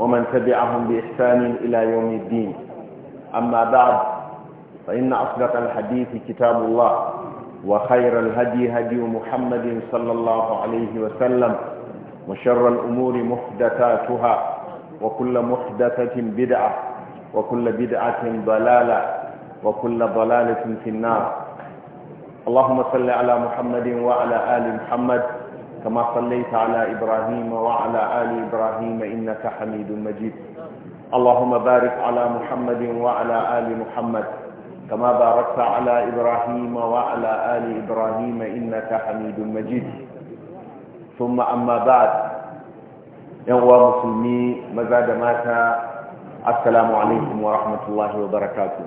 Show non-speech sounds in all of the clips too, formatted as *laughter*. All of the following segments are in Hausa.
ومن تبعهم بإحسان إلى يوم الدين أما بعد فإن أصدق الحديث كتاب الله وخير الهدي هدي محمد صلى الله عليه وسلم وشر الأمور محدثاتها وكل محدثة بدعة وكل بدعة ضلالة وكل ضلالة في النار اللهم صل على محمد وعلى آل محمد كما صليت على إبراهيم وعلى آل إبراهيم إنك حميد مجيد اللهم بارك على محمد وعلى آل محمد كما باركت على إبراهيم وعلى آل إبراهيم إنك حميد مجيد ثم أما بعد يوى مسلمي مزاد ماتا السلام عليكم ورحمة الله وبركاته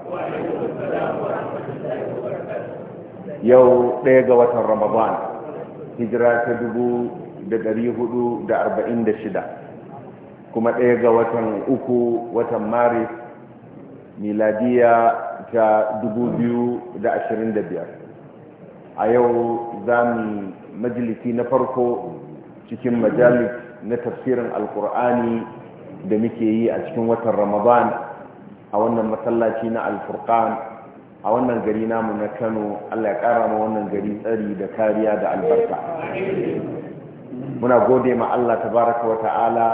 يوم ليقوة رمضان hijira ta dubu da ɗari hudu da arba'in da shida kuma ɗaya ga watan uku watan maris miladiya ta dubu biyu da ashirin da biyar a yau za mu majalisi na farko cikin majalis na tafsirin alkur'ani da muke yi a cikin watan ramadan a wannan masallaci na alfurkan a wannan gari namu na kano allah ya kara ma wannan gari tsari da kariya da albarka muna gode ma allah tabaraka wa ta'ala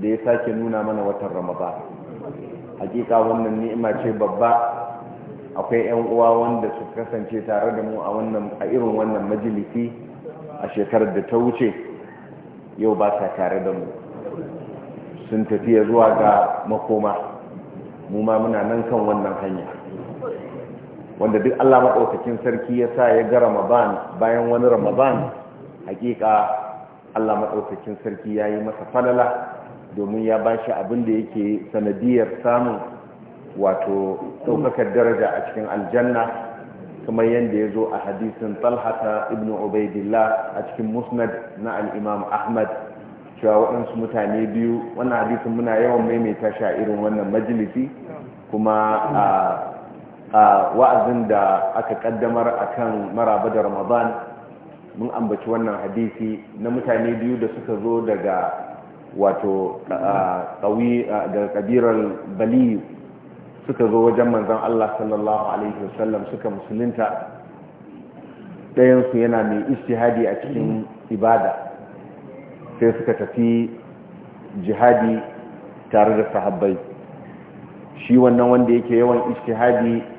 da ya sake nuna mana watan ramadan hakika wannan ni'ima ce babba akwai 'yan uwa wanda su kasance tare da mu a wannan a irin wannan majalisi a shekarar da ta wuce yau ba ta tare da mu sun tafiya zuwa ga makoma mu ma muna nan kan wannan hanya wanda duk Allah maɗaukakin sarki ya sa ya ga Ramadan bayan wani Ramadan hakika Allah maɗaukakin sarki ya yi masa falala domin ya ba shi abin da yake sanadiyar samun wato ɗaukakar daraja a cikin aljanna kuma yadda ya zo a hadisin talhata ibn ubaidillah a cikin musnad na al'imam ahmad cewa waɗansu mutane biyu wannan hadisin muna yawan maimaita shi a irin wannan majalisi kuma a. a wa'azin da aka kaddamar akan maraba da ramadan mun ambaci wannan hadisi na mutane biyu da suka zo daga wato daga kabirar baliyu suka zo wajen manzan Allah sallallahu alaihi wasallam suka musulunta ɗayansu yana mai istihadi a cikin ibada sai suka tafi jihadi tare da sahabbai shi wannan wanda yake yawan istihadi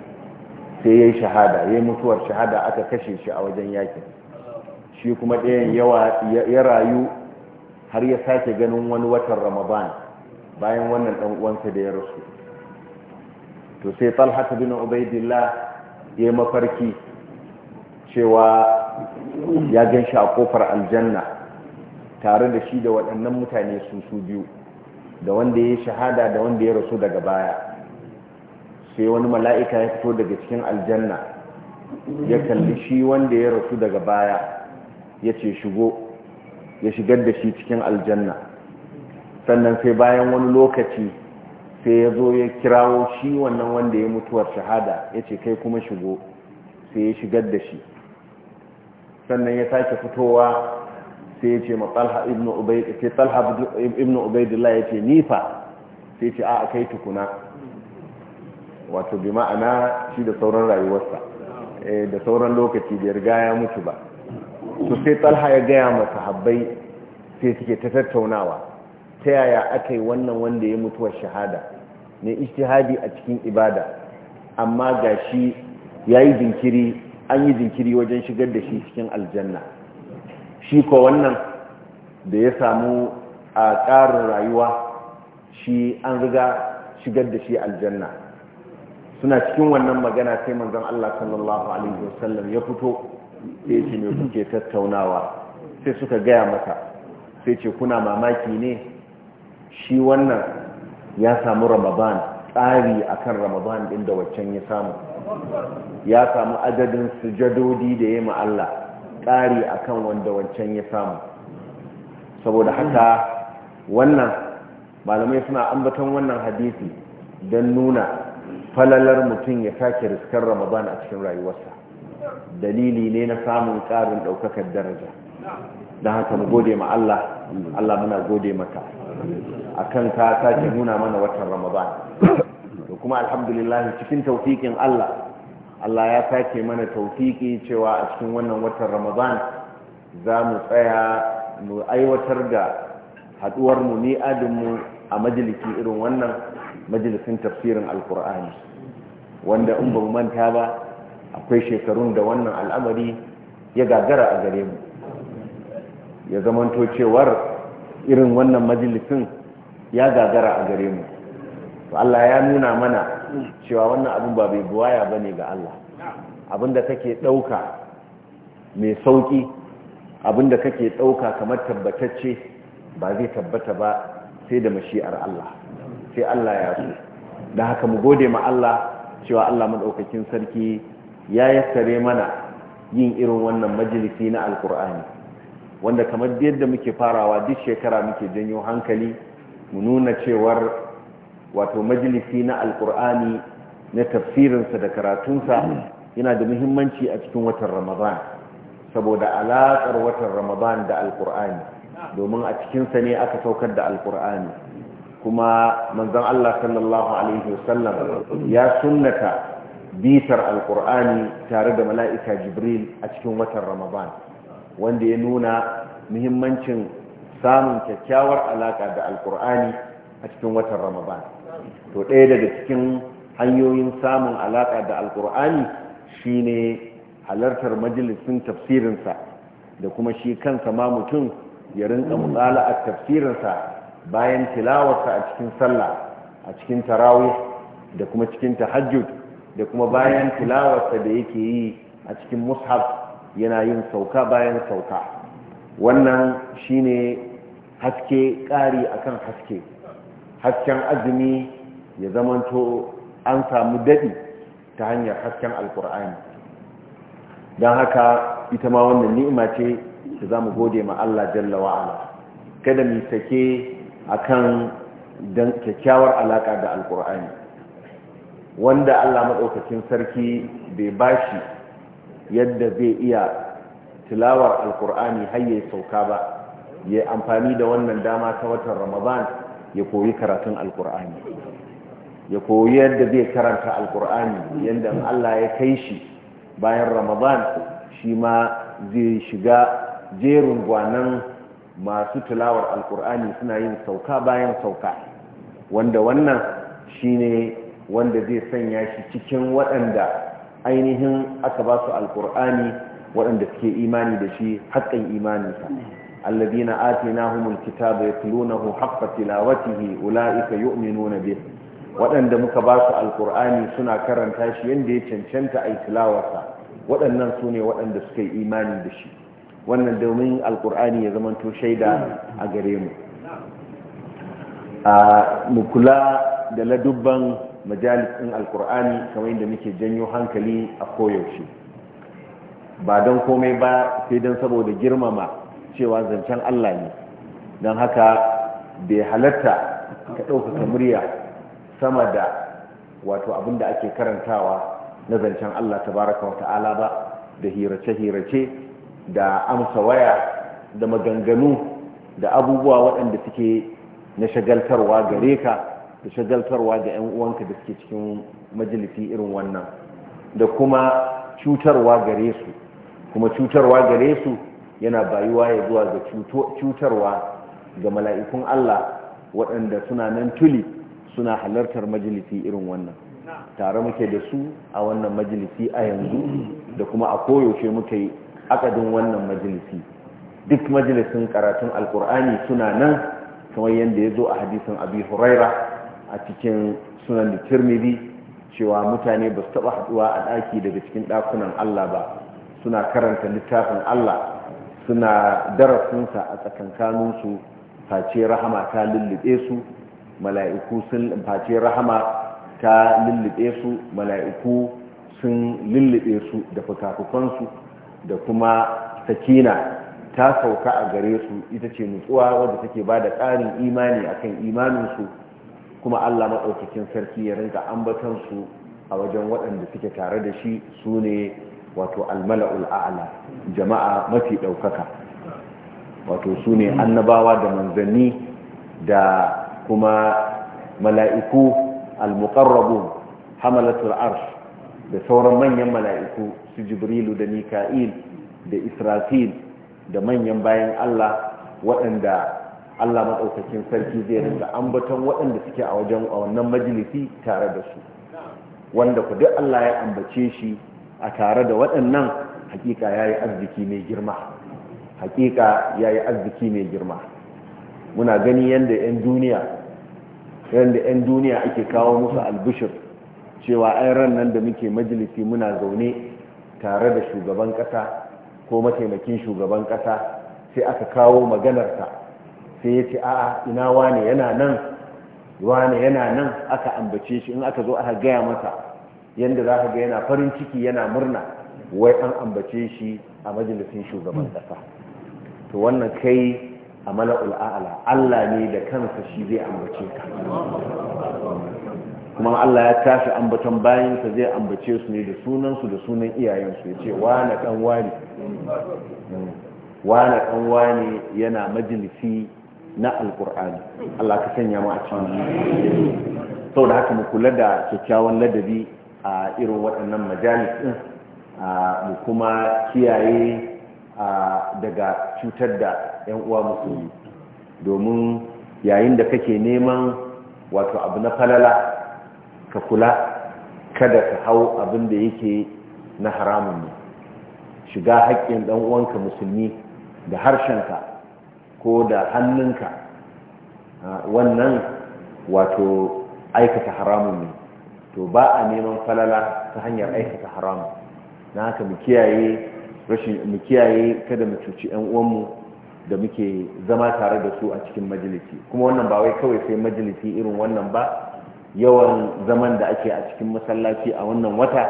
sai ya yi shahada ya yi mutuwar shahada aka kashe shi a wajen yakin shi kuma ɗayan ya rayu har ya sake ganin wani watan ramadan bayan wannan ɗan uwansa da ya rasu to sai talhata bin ubaidillah ya yi mafarki cewa ya gan shi a kofar aljanna tare da shi da waɗannan mutane su su biyu da wanda ya yi shahada da wanda ya rasu daga baya sai wani mala'ika ya fito daga cikin aljanna ya kalli shi wanda ya rasu daga baya ya ce shigo ya shigar da shi cikin aljanna sannan sai bayan wani lokaci sai ya zo ya kirawo shi wannan wanda ya mutuwar shahada ya ce kai kuma shigo sai ya shigar da shi sannan ya sake fitowa sai ya ce ma talha ibn ubaidillah ya ce nifa sai ce a kai tukuna wato bi ma'ana shi da sauran rayuwarsa eh, da sauran lokaci da riga ya mutu ba to sai talha ya gaya ma sahabbai sai suke ta tattaunawa ta yaya aka yi wannan wanda ya mutuwa shahada ne ishtihadi a cikin ibada amma ga shi ya yi jinkiri an yi jinkiri wajen shigar da shi cikin aljanna shi ko wannan da ya samu a ƙarin rayuwa shi an riga shigar da shi aljanna suna cikin wannan magana sai manzon Allah sallallahu alaihi wasallam ya fito sai ya ce me kuke tattaunawa sai suka gaya masa sai ce kuna mamaki ne shi wannan ya samu ramadan tsari akan ramadan din da waccan ya samu ya samu adadin sujadodi da ya Allah tsari akan wanda waccan ya samu saboda haka wannan malamai suna ambaton wannan hadisi don nuna falalar mutum ya sake riskar ramadan a cikin rayuwarsa dalili ne na samun ƙarin ɗaukakar daraja don haka mu gode ma Allah Allah muna gode maka kan ka sake nuna mana watan ramadan to kuma alhamdulillah cikin taufikin Allah Allah ya sake mana taufiki cewa a cikin wannan watan ramadan za mu tsaya mu aiwatar da haɗuwar mu ni adinmu a majalisi irin wannan majalisin tafsirin alkur'ani wanda in ba manta ba akwai shekarun da wannan al'amari ya gagara a gare mu ya zamanto cewar irin wannan majalisin ya gagara a gare mu Allah ya nuna mana cewa wannan abin ba bai buwaya ba ne ga Allah abinda kake ɗauka mai sauƙi abinda kake ɗauka kamar tabbatacce ba zai tabbata ba sai da mashi'ar Allah sai Allah ya so da haka mu gode ma Allah cewa Allah maɗaukakin sarki ya yassare mana yin irin wannan majalisi na alkur'ani wanda kamar yadda muke farawa duk shekara muke janyo hankali mu nuna cewar wato majalisi na alkur'ani na tafsirinsa da karatunsa yana da muhimmanci a cikin watan ramadan saboda alaƙar watan ramadan da alkur'ani domin a cikinsa ne aka saukar da alkur'ani kuma manzon Allah sallallahu alaihi wasallam ya sunnata bitar alkur'ani tare da mala'ika jibril a cikin watan ramadan wanda ya nuna muhimmancin samun kyakkyawar alaka da alkur'ani a cikin watan ramadan to ɗaya daga cikin hanyoyin samun alaka da alkur'ani shine halartar majalisin tafsirinsa da kuma shi kansa ma mutum ya rinka mutsala a tafsirinsa bayan tilawarsa a cikin sallah a cikin tarawih da kuma cikin tahajjud da kuma bayan tilawarsa da yake yi a cikin mushaf yana yin sauka bayan sauka wannan shine haske ƙari akan haske hasken azumi ya zamanto an samu daɗi ta hanyar hasken alkur'ani don haka ita ma wannan ni'ima ce da za mu gode ma Allah jalla wa'ala kada mu sake akan dan kyakkyawar alaka da alkur'ani wanda Allah madaukakin sarki bai bashi yadda zai iya tilawar alkur'ani har ya sauka ba ya amfani da wannan dama ta watan ramadan ya koyi karatun alkur'ani ya koyi yadda zai karanta alkur'ani yadda Allah ya kai shi bayan ramadan shi ma zai shiga jerin gwanan masu tilawar alkur'ani suna yin sauka bayan sauka wanda wannan shine wanda zai sanya shi cikin waɗanda ainihin aka ba su alkur'ani waɗanda suke imani da shi haƙƙin imaninsa alladina atinahumul kitaba yatlunahu haqqa tilawatihi ulaika nuna bi waɗanda muka ba su alkur'ani suna karanta shi yadda ya cancanta a yi tilawarsa waɗannan su ne waɗanda suka yi imani da shi wannan domin alkur'ani ya zama to shaida a gare mu a mu kula da ladubban ɗin alkur'ani kamar yadda muke janyo hankali a koyaushe ba don komai ba sai don saboda girmama cewa zancen allah ne don haka bai halatta ka ɗaukaka murya sama da wato abinda ake karantawa na zancen allah ta baraka wa ta'ala ba da hirace-hirace da amsa waya da maganganu da abubuwa waɗanda suke na shagaltarwa gare ka da shagaltarwa ga 'yan uwanka da suke cikin majalisi irin wannan da kuma cutarwa gare su kuma cutarwa gare su yana bayuwa ya zuwa ga cutarwa ga mala'ikun Allah waɗanda suna nan tuli suna halartar majalisi irin wannan tare muke da su a wannan majalisi a yanzu da kuma a koyaushe muke akadin wannan majalisi duk majalisin karatun alkur'ani suna nan kamar yadda ya zo a hadisin abi huraira a cikin sunan da tirmidhi cewa mutane ba su taɓa haɗuwa a ɗaki daga cikin ɗakunan allah ba suna karanta littafin allah suna darasinsa a tsakankaninsu face rahama ta lullube su mala'iku sun face rahama ta lullube su mala'iku sun lullube su da fukafukansu da kuma sakina ta sauka a gare su ita ce nutsuwa wadda take ba da ƙarin imani a kan imaninsu kuma allah maɗaukakin sarki ya rinka ambatansu a wajen waɗanda suke tare da shi su ne wato almala'ul a'ala jama'a mafi ɗaukaka wato su ne annabawa da manzanni da kuma mala'iku al-muqarrabun hamalatul arsh da sauran manyan mala'iku su jibrilu da Nika'il, da israfil da manyan bayan allah waɗanda allah maɗaukakin sarki zai rinka ambaton waɗanda suke a wajen a wannan majalisi tare da su wanda ku duk allah ya ambace shi a tare da waɗannan hakika ya yi arziki mai girma hakika ya yi arziki mai girma muna gani yadda 'yan duniya ake kawo musu albishir cewa ai ran nan da muke majalisi muna zaune tare da shugaban kasa ko mataimakin shugaban kasa sai aka kawo maganarsa sai ya ce a'a ina wane yana nan wane yana nan aka ambace shi in aka zo aka gaya masa yadda za ka ga yana farin ciki yana murna wai an ambace shi a majalisin shugaban kasa to wannan kai a mala'ul a'ala Allah ne da kansa shi zai ambace ka kuma Allah ya tashi ambaton bayan bayansa zai ambace su ne da sunansu da sunan iyayensu ya ce na ɗan wani wane ɗan wani yana majalisi na alkur'ani Allah ka sanya mu a cikin to da haka mu kula da kyakkyawan ladabi a irin waɗannan majalis ɗin mu kuma kiyaye daga cutar da 'yan uwa musulmi domin yayin da kake neman wato abu na falala ka kula kada ka hau abin da yake na haramun ne shiga haƙƙin ɗan uwanka musulmi da harshenka ko da hannunka ah, wannan wato aikata haramun ne to ba a neman falala ta hanyar aikata haramun na haka mu kiyaye kada mu cuci 'yan uwanmu da muke zama tare da su a cikin majalisi kuma wannan ba wai kawai sai majalisi irin wannan ba yawan zaman da ake a cikin masallaci a wannan wata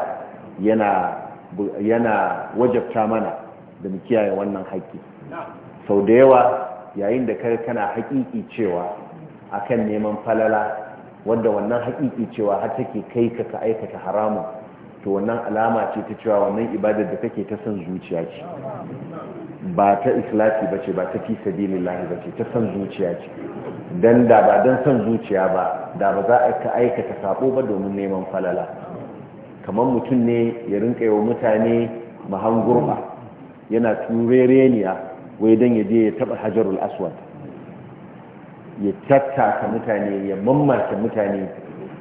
yana yana wajabta mana da mu kiyaye wannan haƙƙi sau da yawa yayin da kai kana haƙiƙi cewa akan neman falala wanda wannan haƙiƙi cewa har take kai ka ka aikata haramun to wannan alama ce ta cewa wannan ibadar da take ta san zuciya ce ba ta islati ba ce ba ta fi sabilillahi ba ce ta san zuciya ce dan da ba dan son zuciya ba da ba za a aikata sako ba domin neman falala kamar mutum ne ya rinka yau mutane mahan yana turereniya wai dan ya je ya taba hajarul aswad ya tattaka mutane ya mammace mutane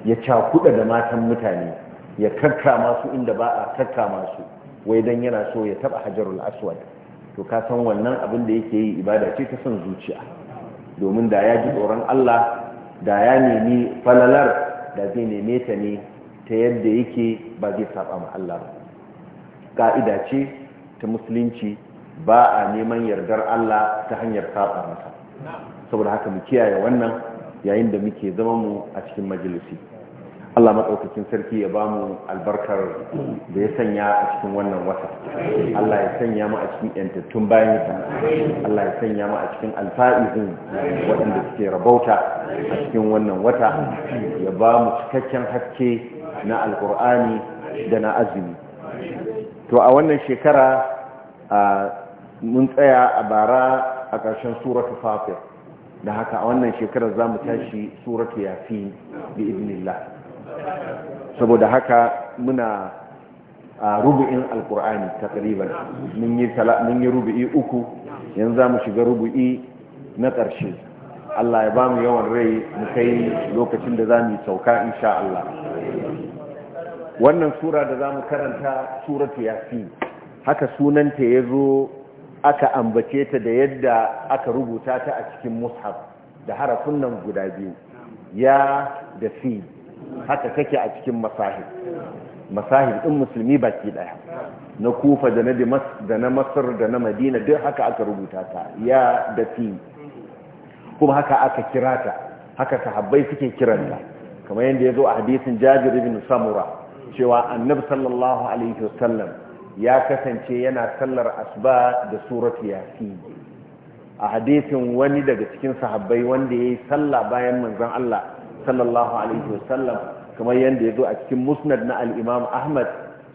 ya cakuda da matan mutane ya kakka masu inda ba a kakka masu wai dan yana so ya taba hajarul aswad to ka san wannan abin da yake yi ibada ce ta son zuciya domin da ya ji tsoron Allah da ya nemi falalar da zai neme ta ne ta yadda yake ba zai saba ma Allah ba ka'ida ce ta musulunci ba a neman yardar Allah ta hanyar saba masa saboda haka mu kiyaye wannan yayin da muke zama mu a cikin majalisi Allah maɗaukacin sarki ya ba mu albarkar da ya sanya a cikin wannan wata Allah ya sanya mu a cikin yantattun bayan sa Allah ya sanya mu a cikin alfa'izin waɗanda suke rabauta a cikin wannan wata ya ba mu cikakken haske na alkur'ani da na azumi to a wannan shekara mun tsaya a bara a ƙarshen suratu fatir da haka a wannan shekarar za mu tashi suratu yafi bi idnillah saboda haka muna a rubu'in alkur'ani ƙariban mun yi rubu'i uku yanzu za mu shiga rubu'i na ƙarshe Allah ya ba mu yawan rai mu kai lokacin da za mu sauka insha Allah wannan sura da za mu karanta suratu yasin haka sunanta ya zo aka ambace ta da yadda aka rubuta ta a cikin mushaf da harafin nan guda biyu ya da fi haka kake a cikin masahib masahib din musulmi baki daya na kufa da na da na masar da na madina duk haka aka rubuta ta ya da fi kuma haka aka kira ta haka sahabbai suke kiranta kamar yadda ya zo a hadisin jabir ibn samura cewa annabi sallallahu alaihi wasallam ya kasance yana sallar asba da suratu yasin a hadisin wani daga cikin sahabbai wanda yayi yi sallah bayan manzon Allah sallallahu alaihi wasallam kamar yadda ya zo a cikin musnad na al'imam ahmad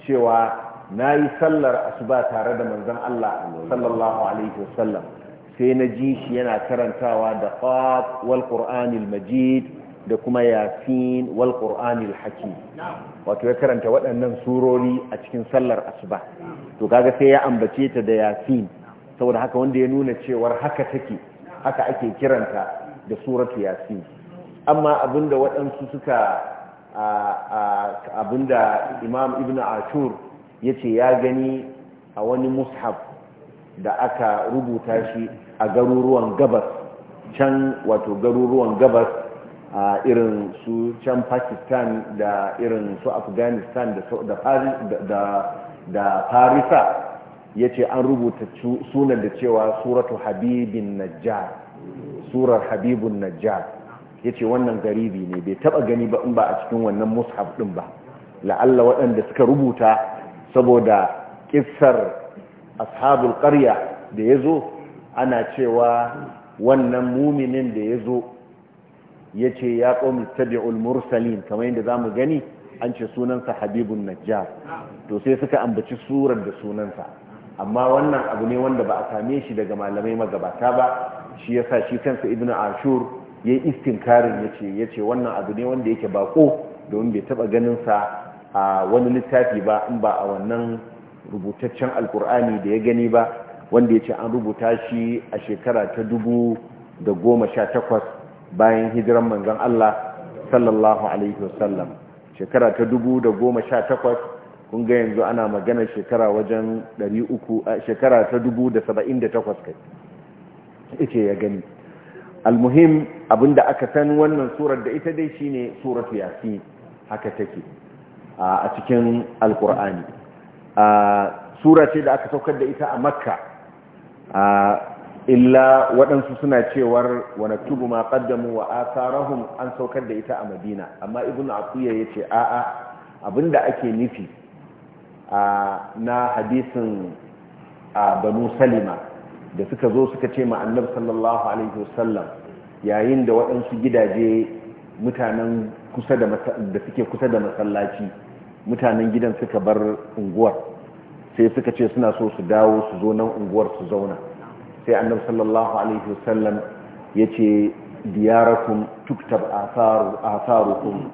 cewa na yi sallar asuba tare da manzon Allah sallallahu alaihi wasallam sai na ji shi yana karantawa da qaf wal qur'anil majid da kuma yasin wal qur'anil hakim wato ya karanta waɗannan surori a cikin sallar asuba to kaga sai ya ambace ta da yasin saboda haka wanda ya nuna cewar haka take haka ake kiranta da suratu yasin amma abinda waɗansu suka abinda imam ibn ashur ya ce ya gani a wani mushaf da aka rubuta shi a garuruwan gabas can wato garuruwan gabas a irin su can pakistan da irin su afghanistan da farisa ya ce an rubuta sunan da cewa suratu habibin najjar surar habibun najjar yace wannan garibi ne bai taba gani ba in ba a cikin wannan mushaf din ba la'alla waɗanda suka rubuta saboda kissar ashabul ƙarya da ya zo ana cewa wannan muminin da ya zo ya ce ya qaumi tabi'ul mursalin kamar yadda mu gani an ce sunansa habibun najjar to sai suka ambaci surar da sunansa amma wannan abu ne wanda ba a same shi daga malamai magabata ba shi yasa shi kansa ibnu ashur ya yi istinkarin ya ce ya ce wannan abu ne wanda yake bako domin bai taba ganin sa a wani littafi ba in ba a wannan rubutaccen alkur'ani da ya gani ba wanda ya ce an rubuta shi a shekara ta dubu da goma sha takwas bayan hijiran manzan Allah sallallahu alaihi wasallam shekara ta dubu da goma sha takwas kun ga yanzu ana magana shekara wajen ɗari uku shekara ta dubu da saba'in da takwas kai ya gani almuhim abinda aka san wannan surar da ita dai shine suratu yasin haka take a cikin Alƙur'ani. sura ce da aka saukar da ita a makka illa waɗansu suna cewar wani tubu ma ƙaddamu wa asarahum an saukar da ita a madina amma ibn atiya ya ce a'a da ake nufi na hadisin banu salima da suka zo suka ce ma annabi sallallahu alaihi wasallam yayin da waɗansu gidaje mutanen da suke kusa da masallaci mutanen gidan suka bar unguwar sai suka ce suna so su dawo su zo nan unguwar su zauna sai annabi sallallahu alaihi wasallam ya ce diyarakum tuktab atharukum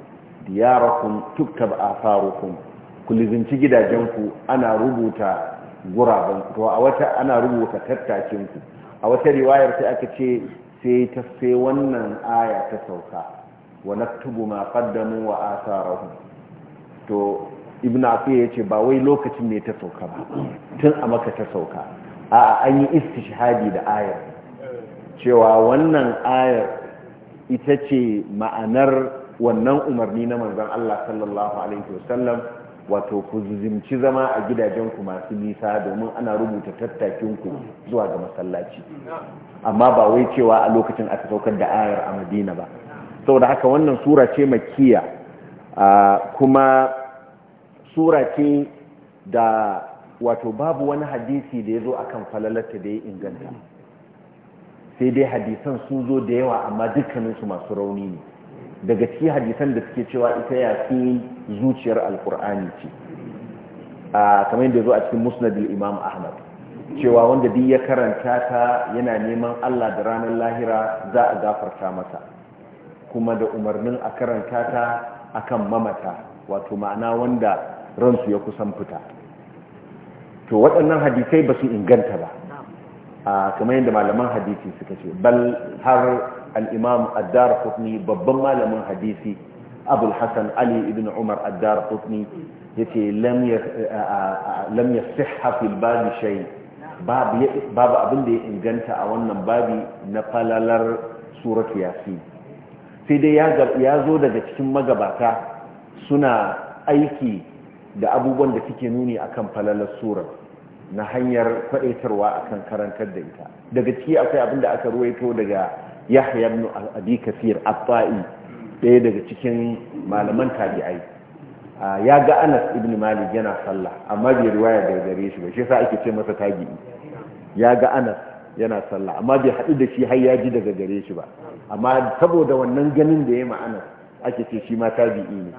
diyarakum tuktab atharukum ku lizinci gidajenku ana rubuta guraben to a wata ana rubuta tattakin ku a wata riwayar sai aka ce sai ta sai wannan aya ta sauka wa naktubu ma qaddamu wa atharahum to ibn ya yace ba wai lokacin ne ta sauka ba tun a maka ta sauka a'a an yi istishhadi da ayar cewa wannan ayar ita ce ma'anar wannan umarni na manzon Allah sallallahu alaihi wasallam wato ku zimci zama a gidajenku masu nisa domin ana rubuta tattakinku zuwa ga masallaci amma ba wai cewa a lokacin aka saukar da ayar a madina ba saboda haka wannan sura ce makiya kuma sura ce da wato babu wani hadisi da ya zo akan falalarta da ya inganta sai dai hadisan sun zo da yawa amma dukkaninsu masu rauni ne daga ci hadisan da suke cewa ita yasin zuciyar alkur'ani ce a kamar yadda zo a cikin musnadil imam ahmad cewa wanda duk ya karanta ta yana neman allah da ranar lahira za a gafarta masa kuma da umarnin a karanta ta akan mamata wato ma'ana wanda ransu ya kusan fita to waɗannan hadisai ba su inganta ba a kamar yadda malaman hadisi suka ce bal har al'imam addar babban malamin hadisi abul ali ibn umar addar qutni yace lam ya lam yasihha fil babu abin da ya inganta a wannan babi na falalar surat yasi sai dai ya zo daga cikin magabata suna aiki da abubuwan da suke nuni akan falalar surar na hanyar kwadaitarwa akan karantar da ita daga ciki akwai abin da aka ruwaito daga yahya ibn abi kathir at-ta'i ɗaya daga cikin malaman tabi'ai ya ga anas ibn malik yana sallah amma bai riwaya daga gare shi ba shi yasa ake ce masa tabi'i ya ga anas yana sallah amma bai haɗu da shi har ya ji daga gare shi ba amma saboda wannan ganin da ya ma anas ake ce shi ma tabi'i ne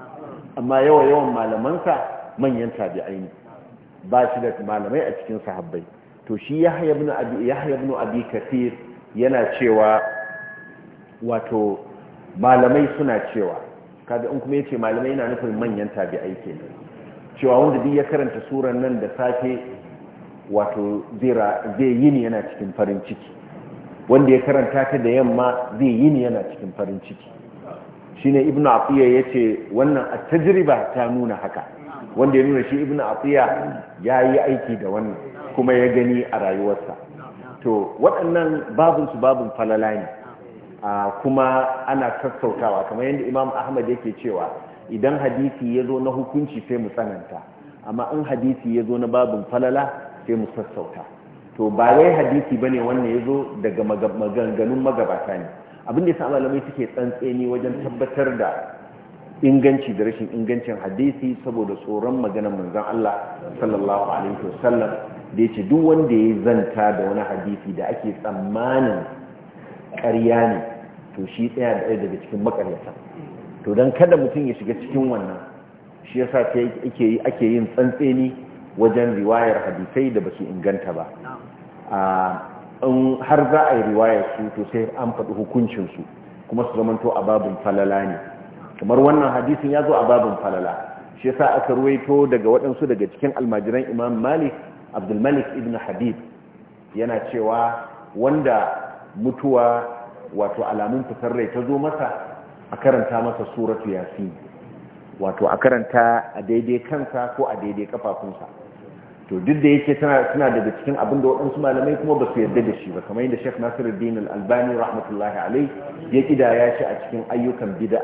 amma yawa yawan malamansa manyan tabi'ai ne ba shi da malamai a cikin sahabbai to shi yahya ibn abi yahya ibn abi kathir yana cewa wato malamai suna cewa kaga in kuma yace malamai yana nufin manyan tabi'ai kenan cewa wanda duk ya karanta suran nan da safe wato zai yini yana cikin farin ciki wanda ya karanta ta da yamma zai yini yana cikin farin ciki shine ibnu afiya yace wannan at-tajriba ta nuna haka wanda ya nuna shi ibnu afiya yayi aiki da wannan kuma ya gani a rayuwarsa to waɗannan babinsu babin falala ne kuma ana sassautawa kamar yadda imam ahmad yake cewa idan hadisi ya zo na hukunci sai mu tsananta amma in hadisi ya zo na babin falala sai mu sassauta to ba wai hadisi ba bane wanda ya zo daga maganganun magabata ne abin da ya malamai suke tsantseni wajen tabbatar da inganci da rashin ingancin hadisi saboda tsoron maganar manzon Allah sallallahu alaihi wasallam da ya ce duk wanda ya zanta da wani hadisi da ake tsammanin ƙarya ne to shi tsaya da daga cikin makaryata to don kada mutum ya shiga cikin wannan shi ya yasa ake yin tsantseni wajen riwayar hadisai da ba su inganta ba in har za a yi riwayar su to sai an faɗi hukuncinsu, kuma su zamanto a babin falala ne kamar wannan hadisin ya zo a babin falala shi ya sa aka ruwaito daga waɗansu daga cikin almajiran imam malik abdulmalik ibn habib yana cewa wanda mutuwa wato alamun fitar rai ta zo masa a karanta masa suratu yasin wato a karanta a daidai kansa ko a daidai kafafunsa to duk da yake tana daga cikin abin da waɗansu malamai kuma ba su yarda da shi ba kamar yadda Sheikh Nasiruddin Al-Albani rahmatullahi alai ya kidaya shi a cikin ayyukan bid'a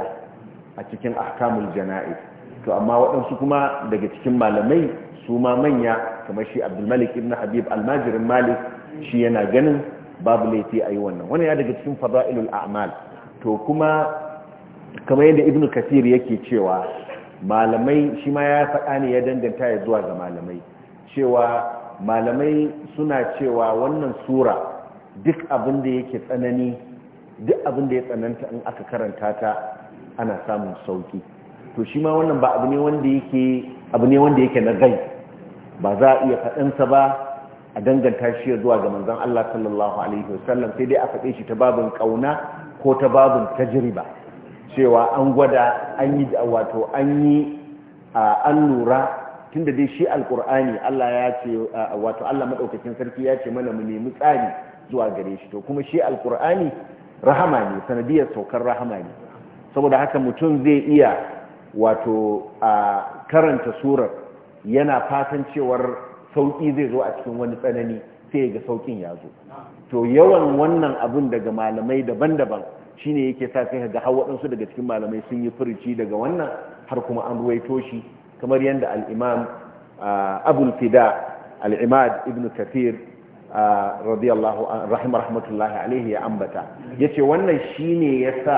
a cikin ahkamul jana'i to amma waɗansu kuma daga cikin malamai su ma manya kamar shi Abdulmalik Malik ibn Habib Al-Majirin Malik shi yana ganin babu laifi a yi wannan wani ya daga cikin fada'ilul a'mal to kuma kamar yadda ibn kasir yake cewa malamai shi ma ya faɗa ne ya danganta ya zuwa ga malamai cewa malamai suna cewa wannan sura duk abin da yake tsanani duk abin ya tsananta in aka karanta ta ana samun sauki to shi ma wannan ba abu ne wanda yake abu na gai ba za a iya faɗansa ba a danganta shi zuwa ga manzon Allah sallallahu alaihi wasallam sai dai a faɗe shi ta babin kauna ko ta babin tajriba cewa an gwada an yi wato an yi an lura tunda dai shi alqur'ani Allah ya ce wato Allah madaukakin sarki ya ce mana mu nemi tsari zuwa gare shi to kuma shi alkur'ani rahama ne sanadiyar saukar rahama ne saboda haka mutum zai iya wato karanta surar yana fatan cewar sauki zai zo a cikin wani tsanani sai ga saukin ya zo to yawan wannan abin daga malamai daban-daban shine yake sa sai ga har waɗansu daga cikin malamai sun yi furuci daga wannan har kuma an ruwaito shi kamar yadda al-imam ah, abul fida al-imad ibn kathir ah, radiyallahu rahim rahmatullahi alaihi ya ambata yace wannan shine yasa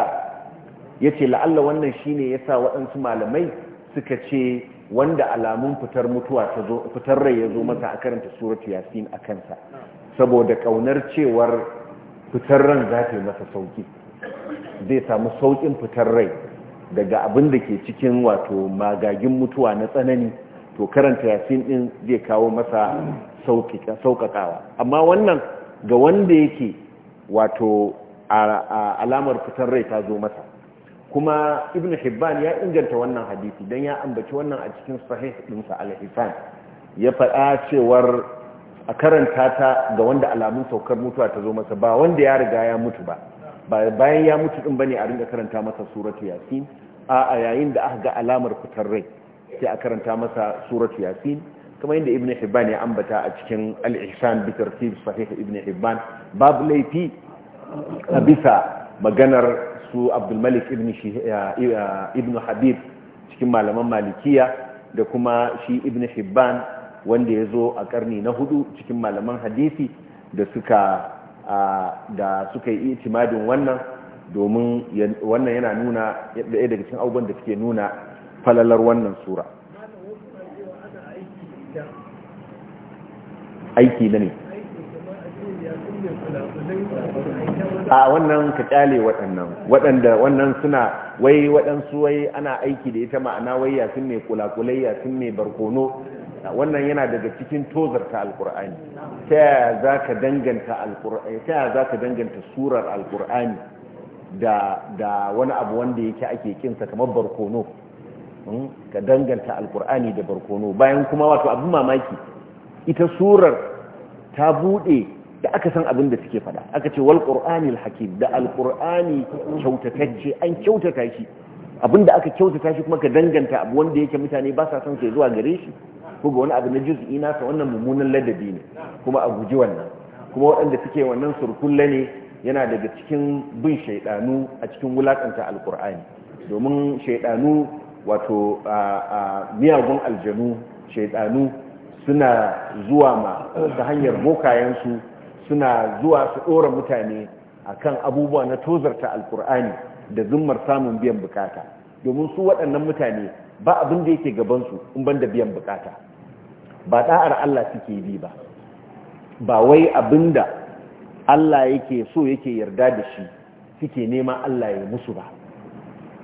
yace la'alla wannan shine yasa waɗansu malamai suka ce wanda alamun fitar mutuwa ta zo fitar rai ya zo masa a karanta suratu yasin a kansa saboda kaunar cewar fitar ran za ta yi masa sauki zai samu saukin fitar rai daga abin da ke cikin wato magagin mutuwa na tsanani to karanta yasin din zai kawo masa sauƙaƙawa amma wannan ga wanda yake wato alamar fitar rai ta zo masa kuma ibn hibban ya inganta wannan hadisi dan ya ambaci wannan a cikin sahih ɗinsa al-hisan ya faɗa cewar a karanta ta ga wanda alamun saukar mutuwa ta zo masa ba wanda ya riga ya mutu ba bayan ya mutu ɗin bane a ringa karanta masa suratu yasin a yayin da aka ga alamar fitar rai sai a karanta masa suratu yasin kamar yadda ibn hibban ya ambata a cikin al-ihsan bi tartib sahih ibn hibban babu laifi a bisa maganar su abdulmalik ibn habib cikin malaman malikiya da kuma shi ibn hibban wanda ya zo a karni na hudu cikin malaman hadisi da suka da suka yi itimadin wannan domin wannan yana nuna ɗaya daga cikin abubuwan da suke nuna falalar wannan sura aiki na ne a wannan ka kyale waɗannan waɗanda wannan suna wai waɗansu wai ana aiki da ita ma'ana wai yasin mai kulakulai sun mai barkono wannan yana daga cikin tozarta alkur'ani ta yaya ta yaya za ka danganta surar alkur'ani da wani abu wanda yake ake kinsa kamar barkono hmm? ka danganta alkur'ani da barkono bayan kuma wato abin mamaki ita surar ta buɗe. da aka san abin da suke fada aka ce wal al hakim da al qur'ani kyautatacce an kyautata shi abin da aka kyautata shi kuma ka danganta abu wanda yake mutane ba sa son sai zuwa gare shi ko ga wani abu na juz'i sa wannan mummunan ladabi ne kuma a guji wannan kuma waɗanda suke wannan surkulla ne yana daga cikin bin shaidanu a cikin wulakanta alkur'ani domin shaidanu wato miyagun aljanu shaidanu suna zuwa ma ta hanyar bokayensu suna zuwa su ɗora mutane a kan abubuwa na tozarta alkur'ani da zummar samun biyan bukata domin su waɗannan mutane ba abin da yake gabansu in ban da biyan bukata ba ɗa'ar Allah suke bi ba ba wai abin da Allah yake so yake yarda da shi suke nema Allah ya musu ba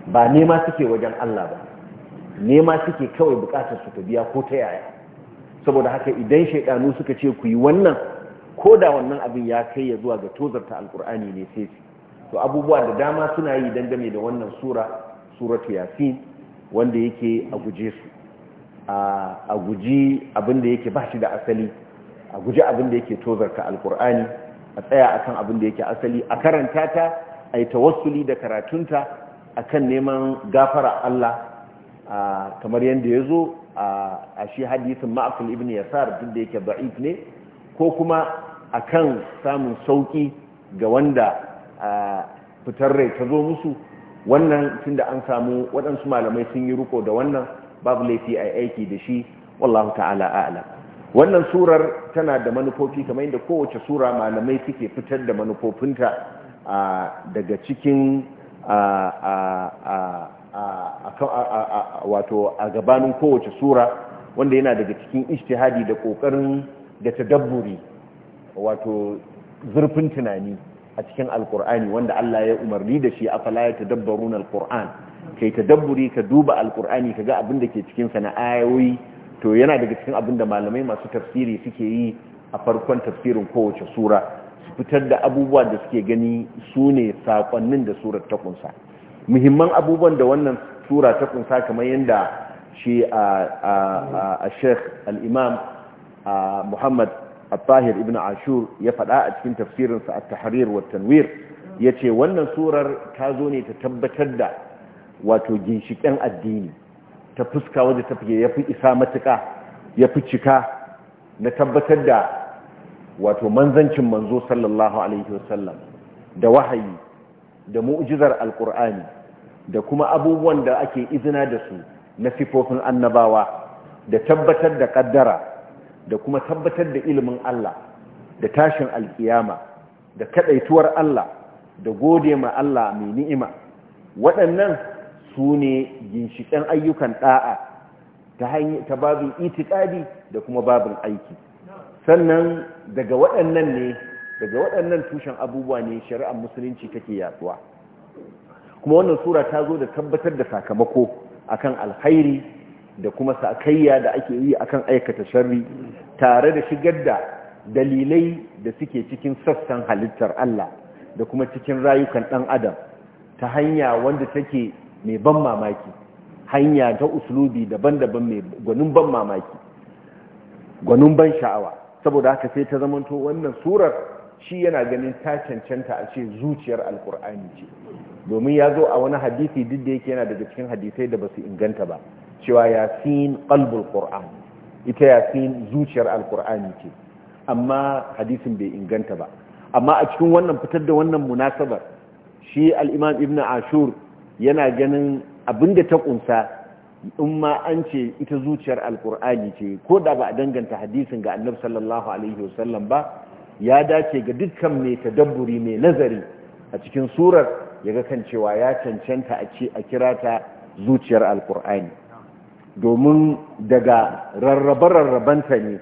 ba nema suke wajen Allah ba nema suke kawai bukatar su ta biya ko ta yaya saboda haka idan shaidanu suka ce ku yi wannan ko da wannan abin ya kai ya zuwa ga tozarta alkur'ani ne sai su to abubuwa da dama suna yi dangane da wannan sura suratu yasin wanda yake a guje su a guji abin da yake bashi da asali a guji abin da yake tozarta alkur'ani a tsaya akan abin da yake asali a karanta ta a yi tawassuli da karatunta akan neman gafara Allah kamar yadda ya zo a shi hadisin ma'afil ibn yasar duk da yake ba'if ne ko kuma a kan samun sauƙi ga wanda fitar rai ta zo musu wannan tun da an samu waɗansu malamai sun yi ruko da wannan babu laifi a aiki da shi wallahu ta'ala a'ala wannan surar tana da manufofi kamar yadda kowace sura malamai suke fitar da manufofinta daga cikin a gabanin kowace sura wanda yana daga cikin ishtihadi da ƙoƙarin da tadabburi wato zurfin tunani a cikin alkur'ani wanda Allah ya umarni da shi a afala ya tadabbarun alkur'an kai dabburi ka duba alkur'ani ga abin da ke cikin sa na ayoyi to yana daga cikin abin da malamai masu tafsiri suke yi a farkon tafsirin kowace sura su fitar da abubuwa da suke gani su ne sakonnin da surar ta kunsa muhimman abubuwan da wannan sura ta kunsa kamar yadda shi a sheikh al-imam muhammad al ibn ashur ya faɗa a cikin tafsirinsa at-tahrir wa tanwir yace wannan surar ta zo ne ta tabbatar da wato ginshiƙen addini ta fuska wadda ta fiye ya fi isa matuƙa ya fi cika na tabbatar da wato manzancin manzo sallallahu alaihi wasallam da wahayi da mu'jizar alkur'ani da kuma abubuwan da ake izina da su na sifofin annabawa da tabbatar da kaddara da kuma tabbatar da ilimin Allah da tashin alkiyama da kadaituwar Allah da gode ma Allah mai ni'ima waɗannan su ne ginshiƙen ayyukan ɗa'a ta babin itikadi da kuma babin aiki sannan daga waɗannan ne daga waɗannan tushen abubuwa ne shari'ar musulunci take yatsuwa kuma wannan sura ta zo da tabbatar da sakamako akan alkhairi da kuma sakayya da ake yi akan aikata sharri tare da shigar da dalilai da suke cikin sassan halittar Allah da kuma cikin rayukan ɗan adam ta hanya wanda take mai ban mamaki hanya ta uslubi daban-daban mai gwanin ban mamaki gwanin ban sha'awa saboda haka sai ta zamanto wannan surar shi yana ganin ta cancanta a ce zuciyar alkur'ani ce domin ya zo a wani hadisi duk da yake yana daga cikin hadisai da ba su inganta ba cewa yasin qalbul qur'an ita yasin zuciyar alqur'ani ce amma hadisin bai inganta ba amma a cikin wannan fitar da wannan munasabar shi al-imam ibnu ashur yana ganin abinda ta kunsa in ma an ce ita zuciyar alkur'ani ce ko da ba a danganta hadisin ga annabi sallallahu alaihi wasallam ba ya dace ga dukkan mai tadabburi mai nazari a cikin surar ya ga kan cewa ya cancanta a ce a kira ta zuciyar alkur'ani domin daga rarrabe-rarrabenta ne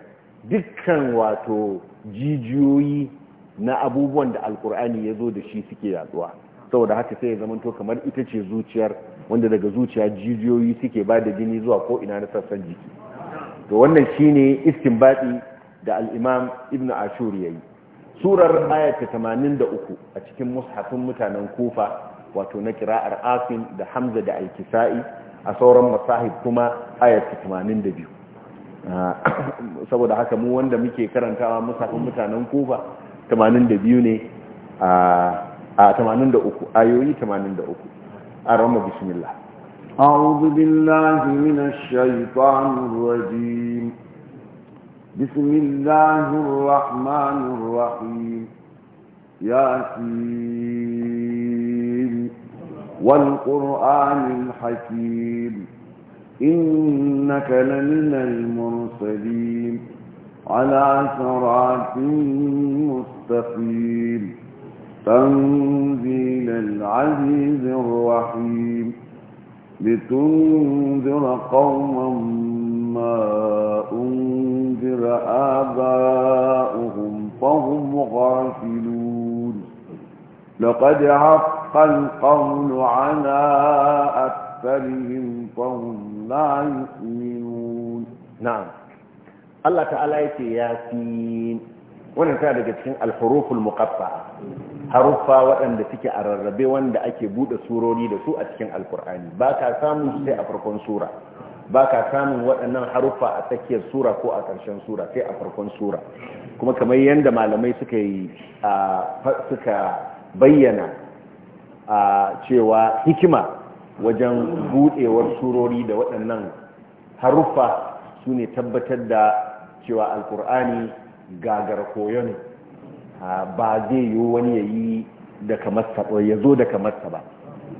dukkan wato jijiyoyi na abubuwan da alkur'ani ya zo da shi suke yaduwa saboda haka sai ya zamanto kamar ita ce zuciyar wanda daga zuciya jijiyoyi suke ba da jini zuwa ko ina na sassan jiki to wannan shi shine istinbadi da al'imam ibnu ibn ashur yi surar ayata 83 a cikin mushafin mutanen kufa wato na kira'ar asim da hamza da alkisa'i. a sauran masahib kuma ayat 82 ah, *coughs* saboda haka mu wanda muke karantawa musafin mutanen kufa 82 ne a 83 ayoyi 83 a rama bismillah أعوذ بالله من الشيطان الرجيم بسم الله الرحمن الرحيم ياسين والقرآن الحكيم إنك لمن المرسلين على صراط مستقيم تنزيل العزيز الرحيم لتنذر قوما ما أنذر آباؤهم فهم غافلون لقد عفت حق القول على أكثرهم فهم لا يؤمنون نعم الله تعالى ياسين wannan tana daga cikin alhuruful muqaffa haruffa waɗanda suke a rarrabe wanda ake buɗe surori da su a cikin alkur'ani ba ka samun sai a farkon sura ba ka samun waɗannan haruffa a tsakiyar sura ko a ƙarshen sura sai a farkon sura kuma kamar yadda malamai suka yi suka bayyana a cewa hikima wajen buɗewar surori da waɗannan haruffa su ne tabbatar da cewa alkur'ani gagar koyo ne ba zai yi wani ya yi da ya zo da kamarsa ba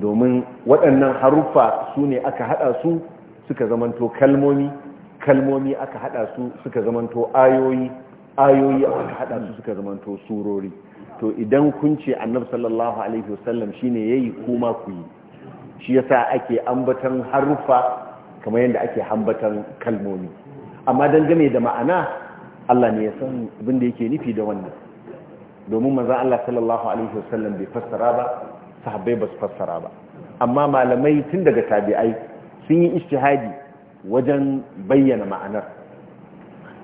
domin waɗannan haruffa su ne aka haɗa su suka zamanto kalmomi kalmomi aka haɗa su suka zamanto ayoyi ayoyi aka hada su suka zamanto surori to idan kun ce annabi sallallahu alaihi wasallam shine yayi kuma ku yi shi yasa ake ambatan harufa kamar yadda ake ambatan kalmomi amma dangane da ma'ana Allah ne ya san abin da yake nufi da wannan domin manzon Allah sallallahu alaihi wasallam bai fassara ba sahabbai ba su fassara ba amma malamai tun daga tabi'ai sun yi ijtihadi wajen bayyana ma'anar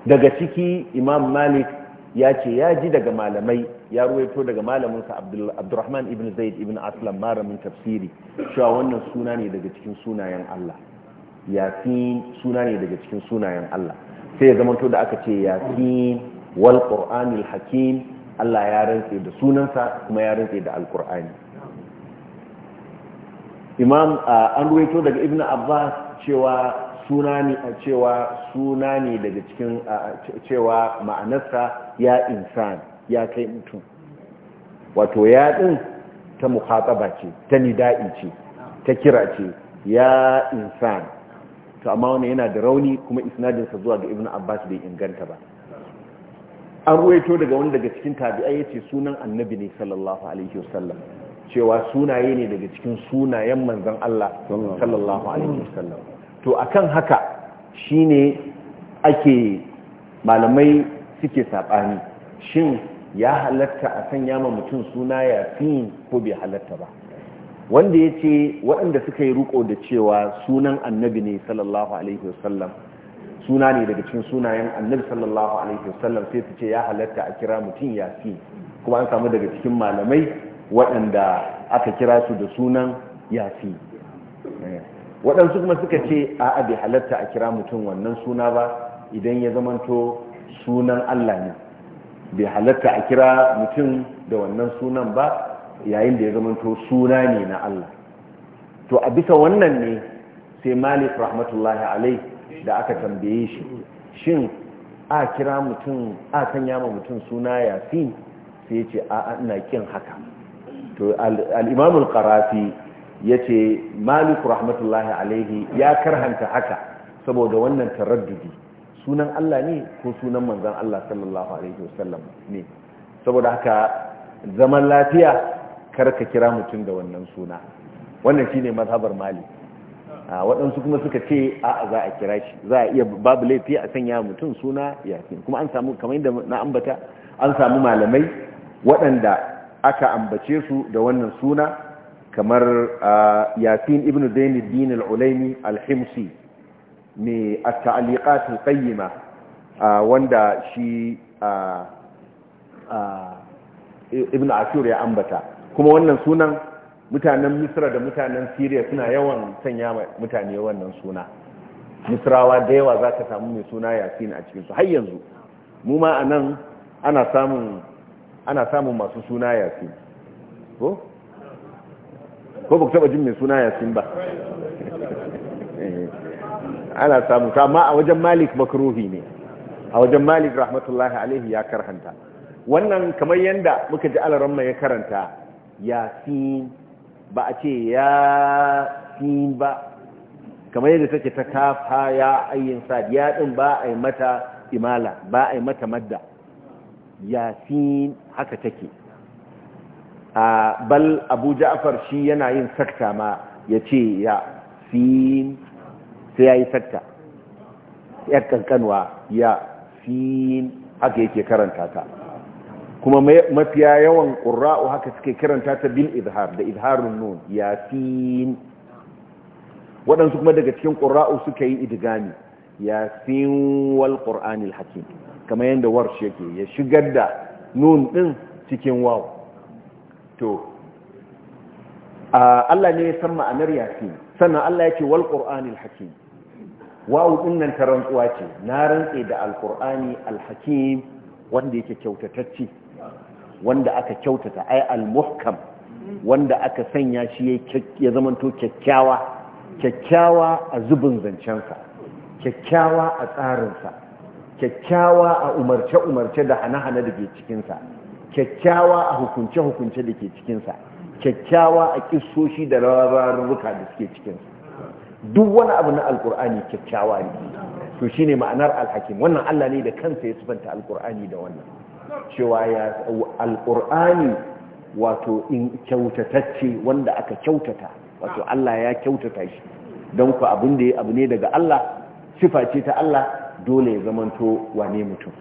daga ciki imam malik ya ce ya ji daga malamai ya ruwaito daga malaminsa abdurrahman ibn zaid ibn aslam maramin tafsiri cewa wannan suna ne daga cikin sunayen allah yasin suna ne daga cikin sunayen allah sai ya zamanto da aka ce yasin wal qur'anil hakim allah ya rantse da sunansa kuma ya rantse da alqur'ani imam an ruwaito daga ibn abbas cewa suna ne a cewa suna ne daga cikin cewa ma'anarsa ya insan ya kai mutum wato ya ɗin ta mukhataba ce ta nida'i ce ta kira ce ya insan to amma wannan yana da rauni kuma isnadinsa zuwa ga ibn abbas bai inganta ba an ruwaito daga wani daga cikin tabi'ai yace sunan annabi ne sallallahu alaihi wasallam cewa sunaye ne daga cikin sunayen manzon Allah sallallahu alaihi wasallam to akan haka shine ake malamai suke saɓani shin ya halatta a sanya ma mutum suna ya ko bai halatta ba wanda ya ce waɗanda suka yi ruko da cewa sunan annabi ne sallallahu alaihi wasallam suna ne daga cikin sunayen annabi sallallahu alaihi wasallam sai su ce ya halatta a kira mutum yafi, kuma an samu daga cikin malamai waɗanda aka kira su da sunan yafi. waɗansu kuma suka ce a bai halatta a kira mutum wannan suna ba idan ya zamanto sunan Allah ne bai halatta a kira mutum da wannan sunan ba yayin da ya zamanto suna ne na Allah to a bisa wannan ne sai malik rahmatullahi alai da aka tambaye shi shin a kira mutum a kan yama mutum suna yasin sai ya ce a ina kin haka to al-imamul qarafi ya ce maliku rahmatullahi alaihi ya karhanta haka saboda wannan taraddudi sunan Allah ne ko sunan manzan Allah sallallahu alaihi wasallam ne saboda haka zaman lafiya karka kira mutum da wannan suna wannan shine mazhabar mali waɗansu kuma suka ce a za a kira shi za a iya babu laifi a sanya mutum suna yasin kuma an samu kamar yadda na ambata an samu malamai waɗanda aka ambace su da wannan suna kamar yasin ibn zainuddin al-ulaimi al-himsi mai at-ta'liqat al wanda shi ibn ashur ya ambata kuma wannan sunan mutanen misra da mutanen syria suna yawan sanya mutane wannan suna misrawa da yawa za ka samu mai suna yasin a cikinsu har yanzu mu ma a nan ana samun masu suna yasin ko ko ba ku taba jin mai suna yasin ba eh, ana samu amma a wajen malik makruhi ne a wajen malik rahmatullahi alaihi ya karhanta wannan kamar yanda muka ji alaramma ya karanta yasin ba a ce yasin ba kamar yadda take ta kafa ya ayyin sad ya din ba a yi mata imala ba a yi mata madda yasin haka take bal abu ja'far shi yana yin sakta ma ya ce ya fiin sai ya yi sakta ya kankanwa ya fiin haka yake karanta ta kuma mafiya yawan ƙura'u haka suke karanta ta bil izhar da izharun nun ya fiin waɗansu kuma daga cikin ƙura'u suka yi idigami ya fiin wal ƙura'anil hakim kamar yadda warshe yake ya shigar da nun ɗin cikin wawo to Allah ne ya san ma'anar yasin sannan Allah ya ce wal qur'anil hakim wa'u ɗinnan ta rantsuwa ce na rantse da alqur'ani alhakim wanda yake kyautatacce wanda aka kyautata ai almuhkam wanda aka sanya shi ya zamanto kyakkyawa kyakkyawa a zubin zancensa kyakkyawa a tsarinsa kyakkyawa a umarce-umarce da hana-hana da ke cikinsa kyakkyawa a hukunce-hukunce da ke cikinsa kyakkyawa a kisoshi da rararruka da suke cikinsa duk wani abu na alkur'ani kyakkyawa ne to shi ne ma'anar alhakim wannan allah ne da kansa ya sufanta alkur'ani da wannan cewa ya alkur'ani wato in kyautatacce wanda aka kyautata wato allah ya kyautata shi don ku abin da ya abu ne daga allah sifa ce ta allah dole ya zamanto wane mutum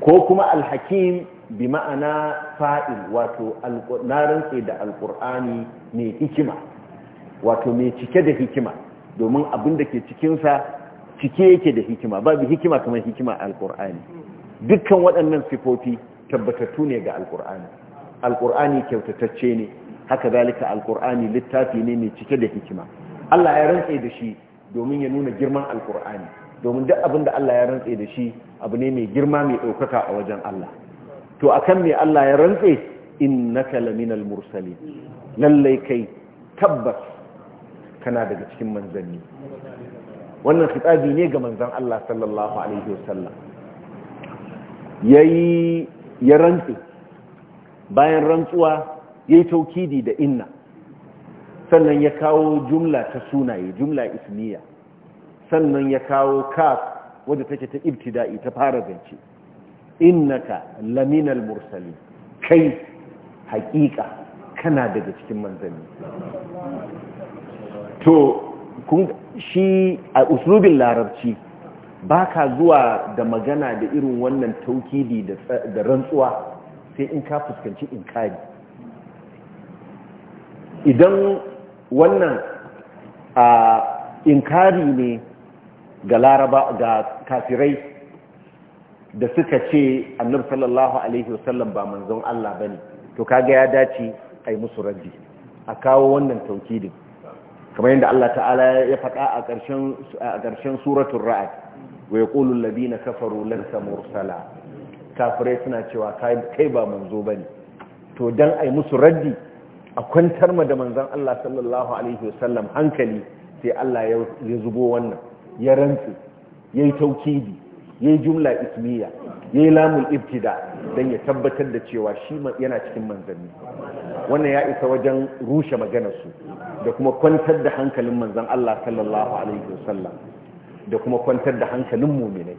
ko kuma alhakim bi ma'ana fa'il wato na rantse da alƙur'ani mai hikima wato mai cike da hikima domin abin da ke cikinsa cike yake da hikima babu hikima kamar hikima alƙur'ani dukkan waɗannan sifofi tabbatattu ne ga alƙur'ani alƙur'ani kyautatacce ne haka zalika alƙur'ani littafi ne mai cike da hikima Allah ya rantse da shi domin ya nuna girman alƙur'ani domin duk abin da Allah ya rantse da shi abu ne mai girma mai ɗaukaka a wajen Allah to akan me Allah ya rantse innaka laminal mursalin lallai kai tabbas kana daga cikin manzanni wannan fitabi ne ga manzan Allah sallallahu alaihi wasallam yayi ya rantse bayan rantsuwa yayi taukidi da inna sannan ya kawo jumla ta sunaye jumla ismiya sannan ya kawo kaf wadda take ta ibtida'i ta fara zance innaka laminal mursali kai hakika kana daga cikin manzanni to shi a uslubin larabci baka zuwa da magana da irin wannan taukidi da rantsuwa sai in ka fuskanci inkari idan wannan a inkari ne ga laraba ga kafirai da suka ce annabi sallallahu alaihi wasallam ba manzon Allah ne. to kaga ya dace yi musu raddi a kawo wannan taukidin kamar yadda Allah ta'ala ya faɗa a ƙarshen a ƙarshen suratul ra'd wa yaqulu na kafaru lansa mursala kafirai suna cewa kai kai ba manzo bane to dan ai musu raddi a kwantar ma da manzon Allah sallallahu alaihi wasallam hankali sai Allah ya zubo wannan ya rantsi yayi taukidi ya yi jumla ismiya ya yi lamun ibtida don ya tabbatar da cewa shi yana cikin manzanni wannan ya isa wajen rushe maganarsu da kuma kwantar da hankalin manzan Allah sallallahu alaihi wasallam da kuma kwantar da hankalin muminai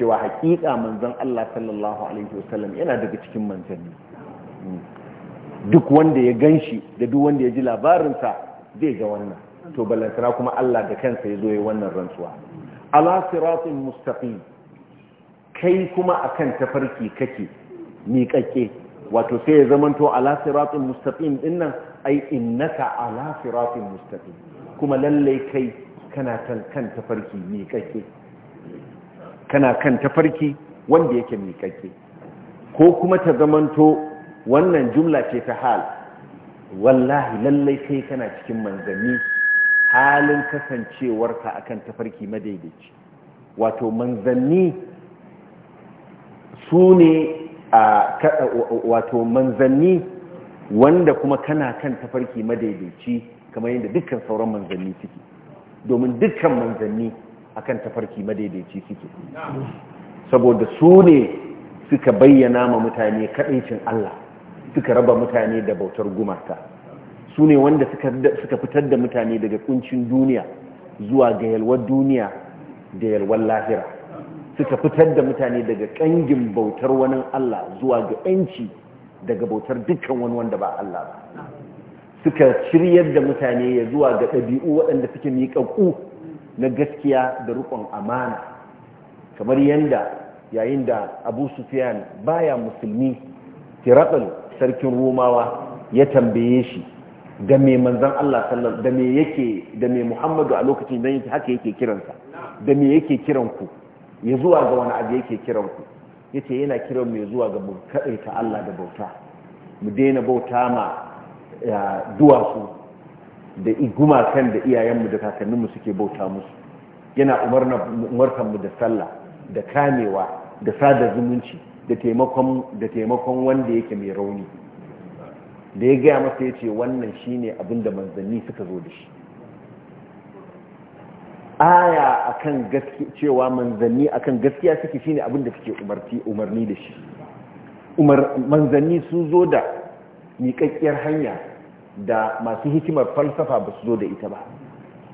cewa hakika manzan Allah sallallahu alaihi wasallam yana daga cikin manzanni duk wanda ya ganshi da duk wanda ya ji labarinsa zai ga wannan to balantana kuma Allah da kansa ya zo ya wannan rantsuwa ala siratin mustaqim kai kuma a kan tafarki kake miƙaƙe wato sai ya zamanto ala siratul mustaqim dinnan ai innaka ala siratul kuma lallai kai kana kan tafarki miƙaƙe kana kan tafarki wanda yake miƙaƙe ko kuma ta zamanto wannan jumla ce ta hal wallahi lallai kai kana cikin manzanni halin kasancewarka akan tafarki madaidaici wato manzanni su ne a wato manzanni wanda kuma kana kan tafarki madaidaici kamar yadda dukkan sauran manzanni suke domin dukkan manzanni akan tafarki madaidaici suke saboda su ne suka bayyana ma mutane kadaicin Allah suka raba mutane da bautar gumata su ne wanda suka fitar da mutane daga kuncin duniya zuwa ga yalwar duniya da yalwar lahira suka fitar da mutane daga kangin bautar wani Allah zuwa ga yanci daga bautar dukkan wani wanda ba Allah ba suka shiryar da mutane ya zuwa ga ɗabi'u waɗanda suke miƙaƙu na gaskiya da riƙon amana kamar yadda yayin da abu sufiyan baya musulmi tiraɓal sarkin romawa ya tambaye shi da mai manzan Allah sallallahu da mai yake da mai Muhammadu a lokacin dan haka yake kiransa da mai yake kiran ku ya zuwa ga wani abu yake kiran ku yace yana kiran mu zuwa ga mu ta Allah da bauta mu daina bauta ma duwatsu da iguma kan da iyayenmu da kakanninmu suke bauta musu yana umartar mu da sallah da kamewa da sada zumunci da taimakon wanda yake mai rauni da ya gaya masa yace wannan shine abinda da manzanni suka zo da shi aya akan gaske cewa manzanni akan gaskiya suke shine abin da suke umarni da shi umar manzanni sun zo da miƙaƙƙiyar hanya da masu hikimar falsafa ba su zo da ita ba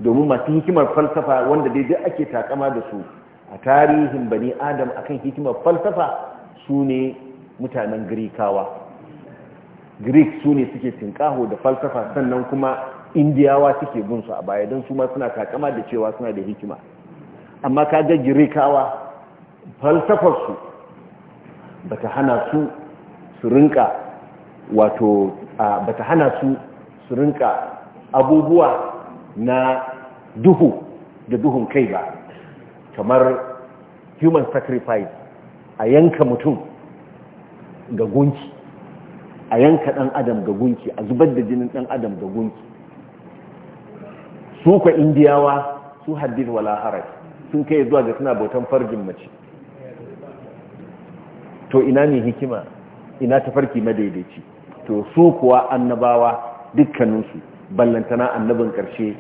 domin masu hikimar falsafa wanda dai duk ake takama da su a tarihin bani adam akan hikimar falsafa su ne mutanen girikawa greek su ne suke tinkaho da falsafa sannan kuma indiyawa suke gunsu a baya don su ma suna takama da cewa suna da hikima amma ka ga kawa, falsafarsu ba ta hana su su rinka wato ba ta hana su su rinka abubuwa na duhu da duhun kai ba kamar human sacrifice a yanka mutum ga gunki a yanka ɗan adam ga gunki a zubar da jinin ɗan adam ga gunki su indiyawa su haddin wala haraj sun kai zuwa ga suna bautan farjin mace to ina ne hikima ina tafarki madaidaici to so kuwa annabawa dukkaninsu ballantana annabin ƙarshe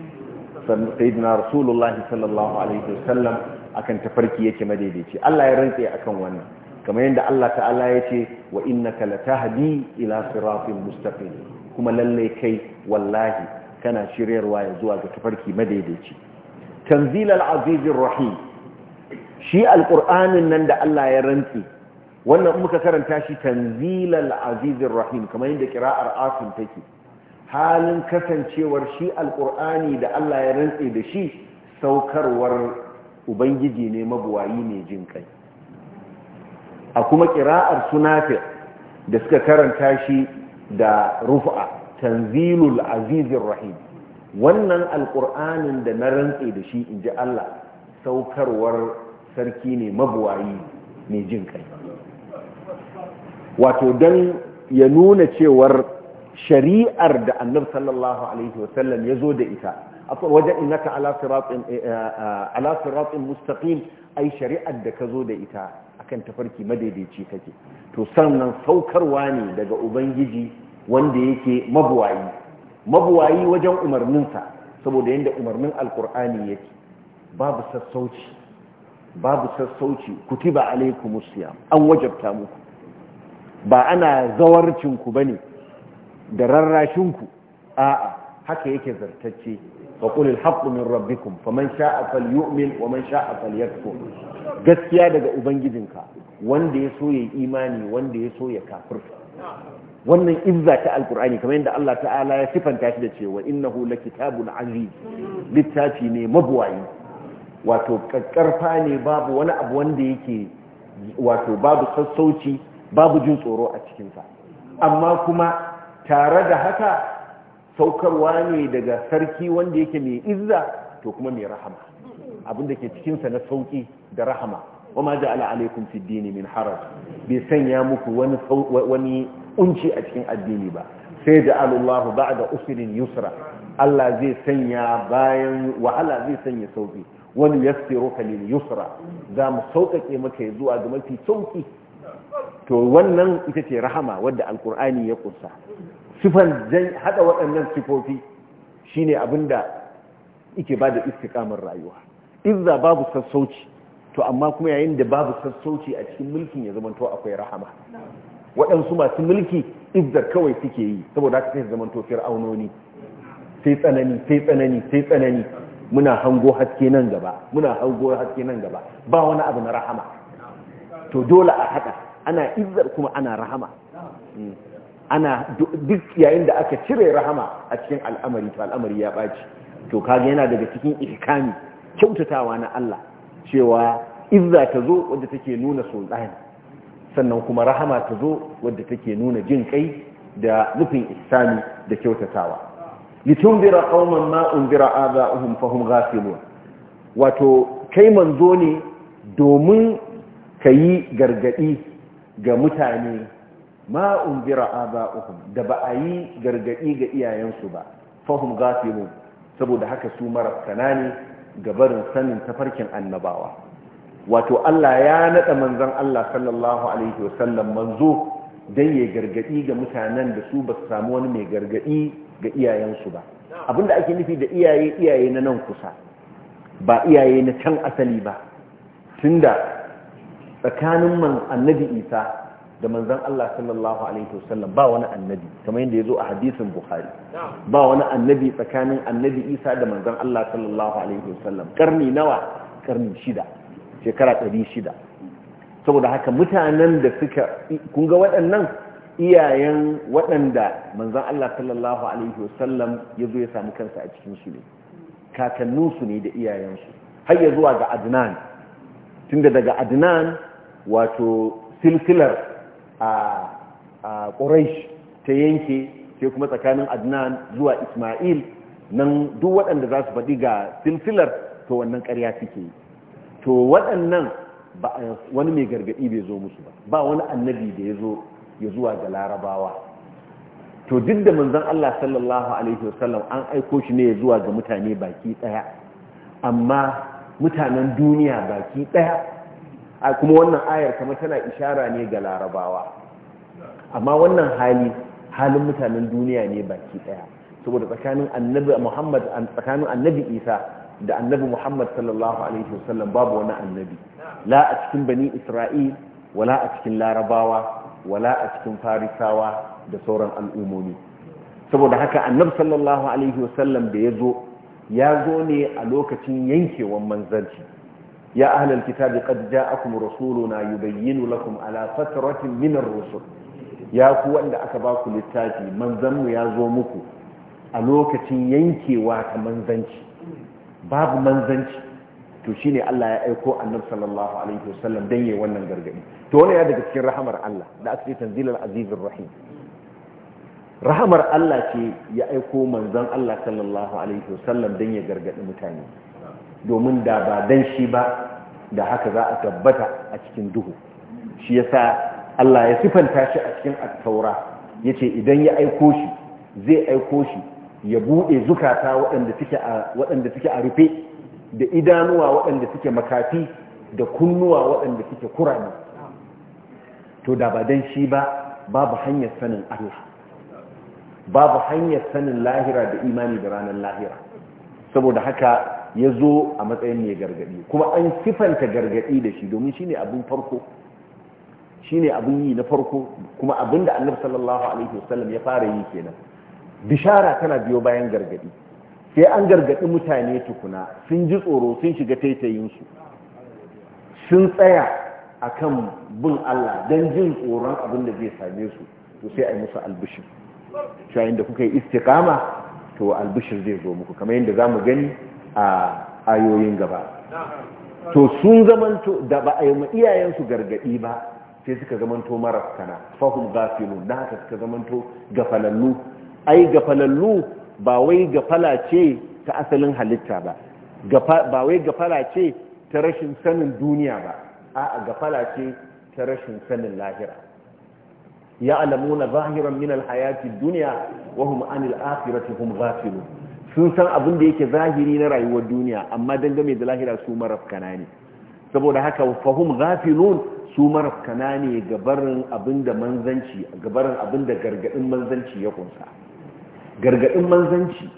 sayyidina rasulullahi sallallahu alaihi wasallam akan tafarki yake madaidaici Allah ya rantse akan wannan kamar yadda Allah ta'ala ya ce wa innaka latahdi ila siratin mustaqim kuma lalle kai wallahi kana shiryarwa ya zuwa ga tafarki madaidaici tanzil azizir rahim shi alqur'anin nan da Allah ya rantsi wannan muka karanta shi tanzil al-azizir rahim kamar yadda qira'ar asim take halin kasancewar shi alqur'ani da Allah ya rantsi da shi saukarwar ubangiji ne mabuwayi ne jin kai a kuma qira'ar sunafi da suka karanta shi da rufa tanzilul azizir rahim wannan alƙur'anin da na rantse da shi in ji Allah saukarwar sarki ne mabuwayi ne jin kai wato don ya nuna cewar shari'ar da annab sallallahu alaihi wasallam ya zo da ita akwai wajen innaka eh, eh, eh, ala siratin mustaqim ai shari'ar da ka zo da ita akan tafarki madaidaici take to sannan saukarwa ne daga ubangiji wanda yake mabuwayi mabuwayi wajen umarninsa saboda yadda umarnin alkur'ani yake babu sassauci babu sassauci kutiba alaikumus siyam an wajabta muku ba ana zawarcinku bane da rarrashinku a'a haka yake zartacce faƙulil haqqu min rabbikum faman sha'a falyu'min wa sha'a falyakfur gaskiya daga ubangijinka wanda ya so ya imani wanda ya so ya kafirta wannan izza ta alkur'ani kamar yadda Allah ta'ala ya sifanta shi da cewa innahu lakitabun aziz littafi ne mabuwayi wato kakkarfa ne babu wani abu wanda yake wato babu sassauci babu jin tsoro a cikinsa amma kuma tare da haka saukarwa ne daga sarki wanda yake mai izza to kuma mai rahama abinda ke cikinsa na sauki da rahama wa ma ja'ala alaikum fi dini min haraj bai sanya muku wani wani unci a cikin addini ba sai ja'ala Allah ba'da usrin yusra Allah zai sanya bayan wahala zai sanya sauki wani yassiruka lil yusra za mu sauƙaƙe maka zuwa ga mafi sauki to wannan ita ce rahama wadda alkur'ani ya kunsa sifan hada waɗannan sifofi shine abinda yake bada istiqamar rayuwa izza babu sassauci to amma kuma yayin da babu sassauci a cikin mulkin ya zamanto akwai rahama waɗansu masu mulki izzar kawai suke yi saboda haka sai zamanto fir'aunoni sai tsanani sai tsanani sai tsanani muna hango haske nan gaba muna hango haske nan gaba ba wani abu na rahama to dole a haɗa ana izzar kuma ana rahama hmm. ana duk yayin da aka cire rahama a cikin al'amari to al'amari ya ɓaci to kaga yana daga cikin ihkami kyautatawa na Allah cewa izza ta zo wadda take nuna sultani sannan kuma rahama ta zo wadda take nuna jin kai da nufin islami da kyautatawa litundira qauman ma unzira aba'uhum fahum ghafilun wato kai manzo ne domin kayi gargadi ga mutane ma unzira aba'uhum da ba a yi gargadi ga iyayensu ba fahum ghafilun saboda haka su mara ne ga barin sanin tafarkin annabawa wato Allah ya naɗa manzon Allah sallallahu alaihi wasallam manzo dan ya gargaɗi ga mutanen da su ba su samu wani mai gargaɗi ga iyayensu ba abinda ake nufi da iyaye iyaye na nan kusa ba iyaye na can asali ba tunda tsakanin man annabi Isa da manzan Allah sallallahu Alaihi wasallam ba wani annabi kamar yadda ya zo a hadisin Bukhari ba wani annabi tsakanin annabi Isa da manzan Allah sallallahu Alaihi wasallam karni nawa karni shida shekara 600 saboda haka mutanen da suka kunga waɗannan iyayen waɗanda manzan Allah sallallahu Alaihi wasallam ya zo ya samu kansa a cikinsu ne kakanninsu ne da iyayensu har ya zuwa ga adnan tunda daga adnan wato silsilar a ƙorashi ta yanke sai kuma tsakanin adnan zuwa ismail nan duk waɗanda za su faɗi ga silsilar to wannan ƙarya suke yi to waɗannan eh, wani mai gargaɗi bai zo musu ba ba wani annabi da ya zo ya zuwa ga larabawa to duk da manzan Allah sallallahu alaihi wasallam an aiko shi ne ya zuwa ga mutane baki ɗaya amma mutanen duniya baki ɗaya a kuma wannan ayar kama tana ishara ne ga larabawa amma wannan hali halin mutanen duniya ne baki ɗaya saboda tsakanin annabi muhammad tsakanin annabi isa da annabi Muhammad sallallahu alaihi wasallam babu wani annabi la a cikin bani Isra'il wala a cikin Larabawa wala a cikin Farisawa da sauran al'ummomi. saboda haka annabi sallallahu alaihi wasallam da ya zo ya zo ne a lokacin yankewan manzanci ya ahlal kitabi qad ja'akum rasuluna yubayyinu lakum ala fatratin min ar-rusul ya ku wanda aka ba ku littafi manzanmu ya zo muku a lokacin yankewa ta manzanci babu manzanci to shine Allah ya aiko annabi sallallahu alaihi wasallam dan yayi wannan gargadi to wannan ya daga cikin rahamar Allah da asli tanzilul azizur rahim rahamar Allah ce ya aiko manzan Allah sallallahu alaihi wasallam dan ya gargadi mutane domin da ba dan shi ba da haka za a tabbata a cikin duhu shi yasa Allah ya sifanta shi a cikin at-taura ce idan ya aiko shi zai aiko shi ya buɗe zukata waɗanda suke a rufe da idanuwa waɗanda suke makafi da kunnuwa waɗanda suke kurani to da ba don shi ba babu hanyar sanin Allah babu hanyar sanin lahira da imani da ranar lahira saboda haka ya zo a matsayin mai gargadi kuma an sifanta gargadi da shi domin shi ne abin farko shi ne abin yi na farko kuma abin da annabi sallallahu ya fara yi kenan bishara tana biyo bayan gargadi sai an gargadi mutane tukuna sun ji tsoro sun shiga taitayinsu sun tsaya a kan bin Allah don jin tsoron abin da zai same su to sai a yi musu albishir shayin da kuka yi istikama to albishir zai zo muku kamar yadda za mu gani a ayoyin gaba to sun zamanto da ba a yi iyayensu gargadi ba sai suka zamanto marafkana fahim gafilun da haka suka zamanto gafalallu ai gafalallu ba wai gafala ce ta asalin halitta ba ba wai gafala ce ta rashin sanin duniya ba a gafala ce ta rashin sanin lahira ya alamuna zahiran min alhayati duniya wa hum anil akhirati hum ghafilun sun san abin da yake zahiri na rayuwar duniya amma dangane da lahira su marafkana ne saboda haka fahum ghafilun su marafkana ne gabarin abin da manzanci gabarin abin da gargadin manzanci ya kunsa gargaɗin manzanci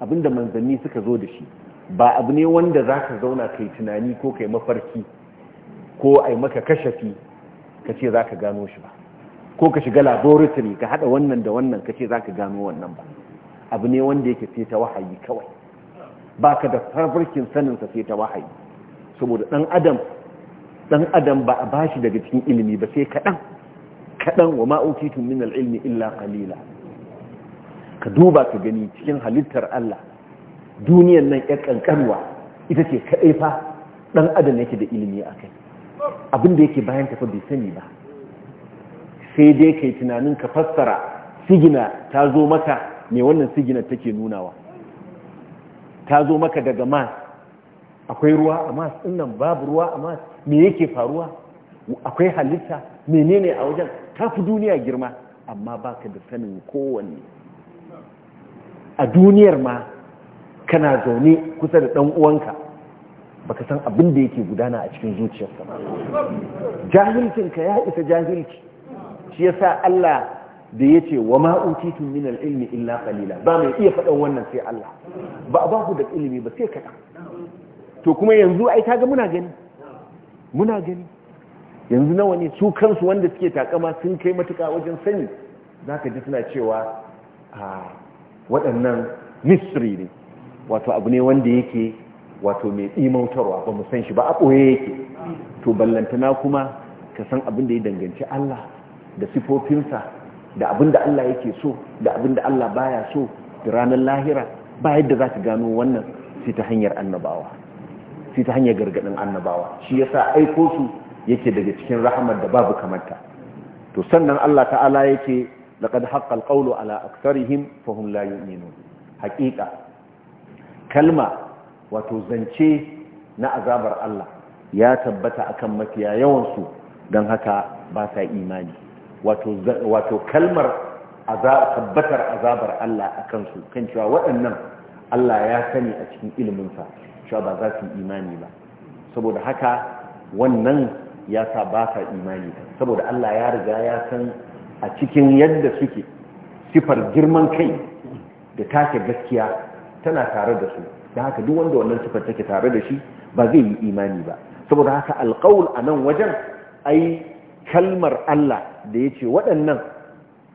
abinda manzanni suka zo da shi ba abu ne wanda za ka zauna kai tunani ko kai mafarki ko ai maka kashafi ka ce za ka gano shi ba ko ka shiga laboratory ka haɗa wannan da wannan ka ce za ka gano wannan ba abu ne wanda yake sai ta wahayi kawai ba ka da farfarkin saninsa sai ta wahayi saboda ɗan adam ɗan adam ba a bashi daga cikin ilimi ba sai kaɗan kaɗan wa ma'aukitun min al'ilmi illa khalila. ka duba ka gani cikin halittar Allah duniyan nan ya kankanwa ita ce kaɗai fa ɗan adam yake da ilimi a kai abinda yake bayan tafi bai sani ba sai dai kai tunanin ka fassara sigina ta zo maka mai wannan sigina take nunawa ta zo maka daga mas akwai ruwa a mas nan babu ruwa a mas me yake faruwa akwai halitta menene a wajen ta fi duniya girma amma baka da sanin kowanne a duniyar ma kana zaune kusa da ɗan uwanka baka san abin da yake gudana a cikin zuciyarsa ba jahilcinka ya isa jahilci shi yasa Allah da yace wa ma utitu min al-ilmi illa qalila ba mai iya faɗan wannan sai Allah ba ba ku da ilimi ba sai kaɗan to kuma yanzu ai kaga muna gani muna gani yanzu nawa ne su kansu wanda suke takama sun kai matuka wajen sani zaka ji suna cewa a ah, waɗannan misri ne wato abu ne wanda yake wato mai ɗimautarwa ba mu san shi ba a ɓoye yake to ballantana kuma ka san abin da ya danganci Allah da sifofinsa da abin da Allah yake so da abin da Allah baya so da ranar lahira ba yadda za ka gano wannan sai ta hanyar annabawa sai ta hanyar gargaɗin annabawa shi ya sa aiko su yake daga cikin rahamar da babu kamata to sannan Allah ta'ala yake laqad haqqa alqawlu ala aktharihim fa hum la yu'minun haqiqa kalma wato zance na azabar Allah ya tabbata akan mafiya yawan su dan haka ba sa imani wato kalmar tabbatar azabar Allah akan kan cewa waɗannan Allah ya sani a cikin ilimin sa ba za su imani ba saboda haka wannan ya sa ba sa imani saboda Allah ya riga ya san a cikin yadda suke sifar girman kai da take gaskiya tana tare da su da haka duk wanda wannan sifar take tare da shi ba zai yi imani ba saboda haka alƙawul a nan wajen ai kalmar Allah da ya ce waɗannan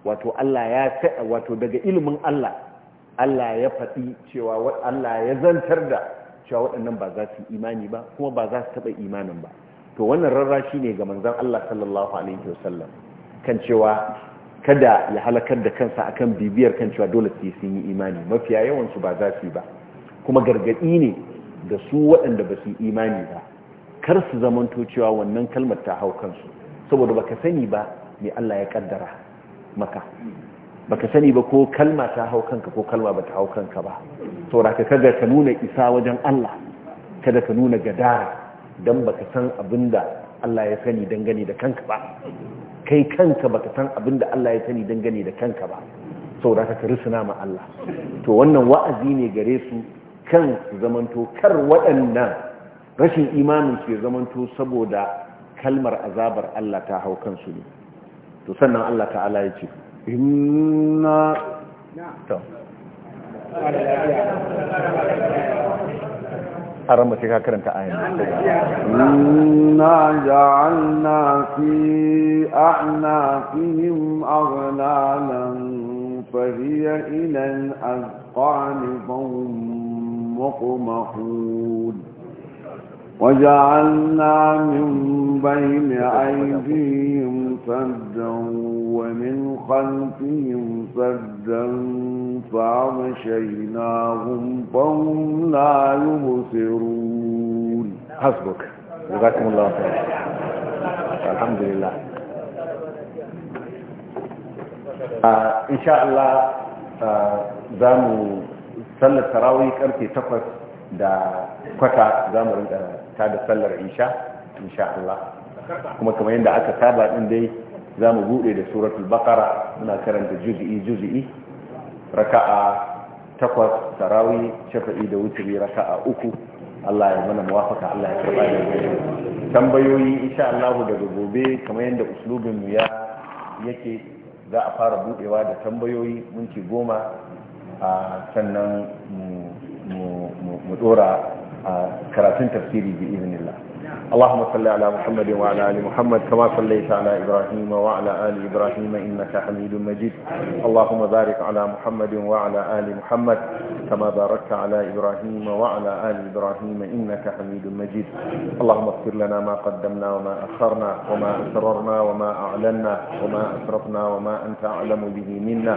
wato Allah ya wato daga ilimin Allah Allah ya faɗi cewa Allah ya zantar da cewa waɗannan ba za su imani ba kuma ba za su taɓa imanin ba to wannan rarra shi ne ga manzan Allah sallallahu alaihi wasallam kan cewa kada ya halakar da kansa akan bibiyar kan cewa dole sai sun yi imani mafiya yawansu ba za su yi ba kuma gargaɗi ne da su waɗanda ba su yi imani ba kar su zamanto cewa wannan kalmar ta hau kansu saboda ka sani ba me Allah ya kaddara maka Ba ka sani ba ko kalma ta hau kanka ko kalma ba ta hau kanka ba saboda ka kada ka nuna isa wajen Allah kada ka nuna gadara dan baka san abin da. Allah ya sani dangane da kanka ba kai kanka baka san abin da Allah ya sani dangane da kanka ba saboda ka risuna ma Allah to wannan wa'azi ne gare su kan su zamanto kar waɗannan rashin imanin su ya zamanto saboda kalmar azabar Allah ta hau kansu ne to sannan Allah ta'ala ya ce inna to a ramar sai ka karanta ayin inna ja'alna fi a'naqihim aghlalan fahiya ila al-azqani fahum muqmahun وجعلنا من بين أيديهم سدا ومن خلفهم سدا فأغشيناهم فهم لا يبصرون حسبك جزاكم الله خير الحمد لله آه، إن شاء الله آه، زامو آه صلى التراويح كرتي تقص da kwata za ta da sallar isha insha Allah kuma kamar yadda aka saba din dai za mu bude da suratul baqara muna karanta juz'i juz'i raka'a takwas sarawi shafa'i da wuturi raka'a uku Allah ya mana muwafaka Allah ya karba da tambayoyi insha Allah daga gobe kamar yadda uslubin mu ya yake za a fara budewa da tambayoyi minti goma a ah, sannan mu dora karatun tafsiri bi iznillah اللهم صل على محمد وعلى ال محمد كما صليت على ابراهيم وعلى ال ابراهيم انك حميد مجيد اللهم بارك على محمد وعلى ال محمد كما باركت على ابراهيم وعلى ال ابراهيم انك حميد مجيد اللهم اغفر لنا ما قدمنا وما اخرنا وما اسررنا وما اعلنا وما اسرفنا وما انت اعلم به منا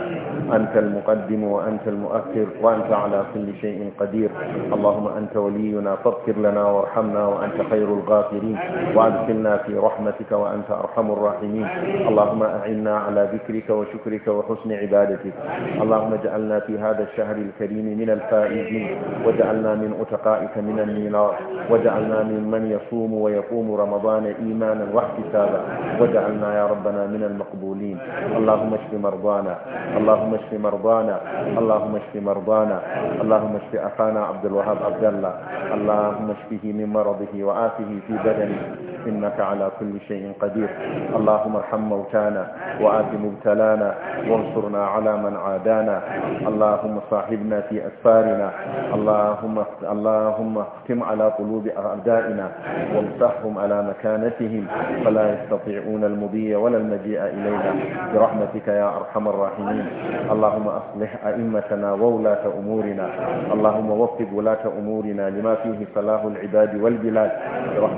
انت المقدم وانت المؤخر وانت على كل شيء قدير اللهم انت ولينا فاغفر لنا وارحمنا وانت خير الغافرين الغافرين وأدخلنا في رحمتك وأنت أرحم الراحمين اللهم أعنا على ذكرك وشكرك وحسن عبادتك اللهم اجعلنا في هذا الشهر الكريم من الفائزين واجعلنا من أتقائك من الميلاد واجعلنا ممن يصوم ويقوم رمضان إيمانا واحتسابا واجعلنا يا ربنا من المقبولين اللهم اشف مرضانا اللهم اشف مرضانا اللهم اشف مرضانا اللهم اشف أخانا عبد الوهاب عبد الله اللهم اشفه من مرضه وعافه في بدنه إنك على كل شيء قدير اللهم ارحم موتانا وآت مبتلانا وانصرنا على من عادانا اللهم صاحبنا في أسفارنا اللهم اللهم اختم على قلوب أعدائنا وامسحهم على مكانتهم فلا يستطيعون المضي ولا المجيء إلينا برحمتك يا أرحم الراحمين اللهم أصلح أئمتنا وولاة أمورنا اللهم وفق ولاة أمورنا لما فيه صلاح العباد والبلاد برحمتك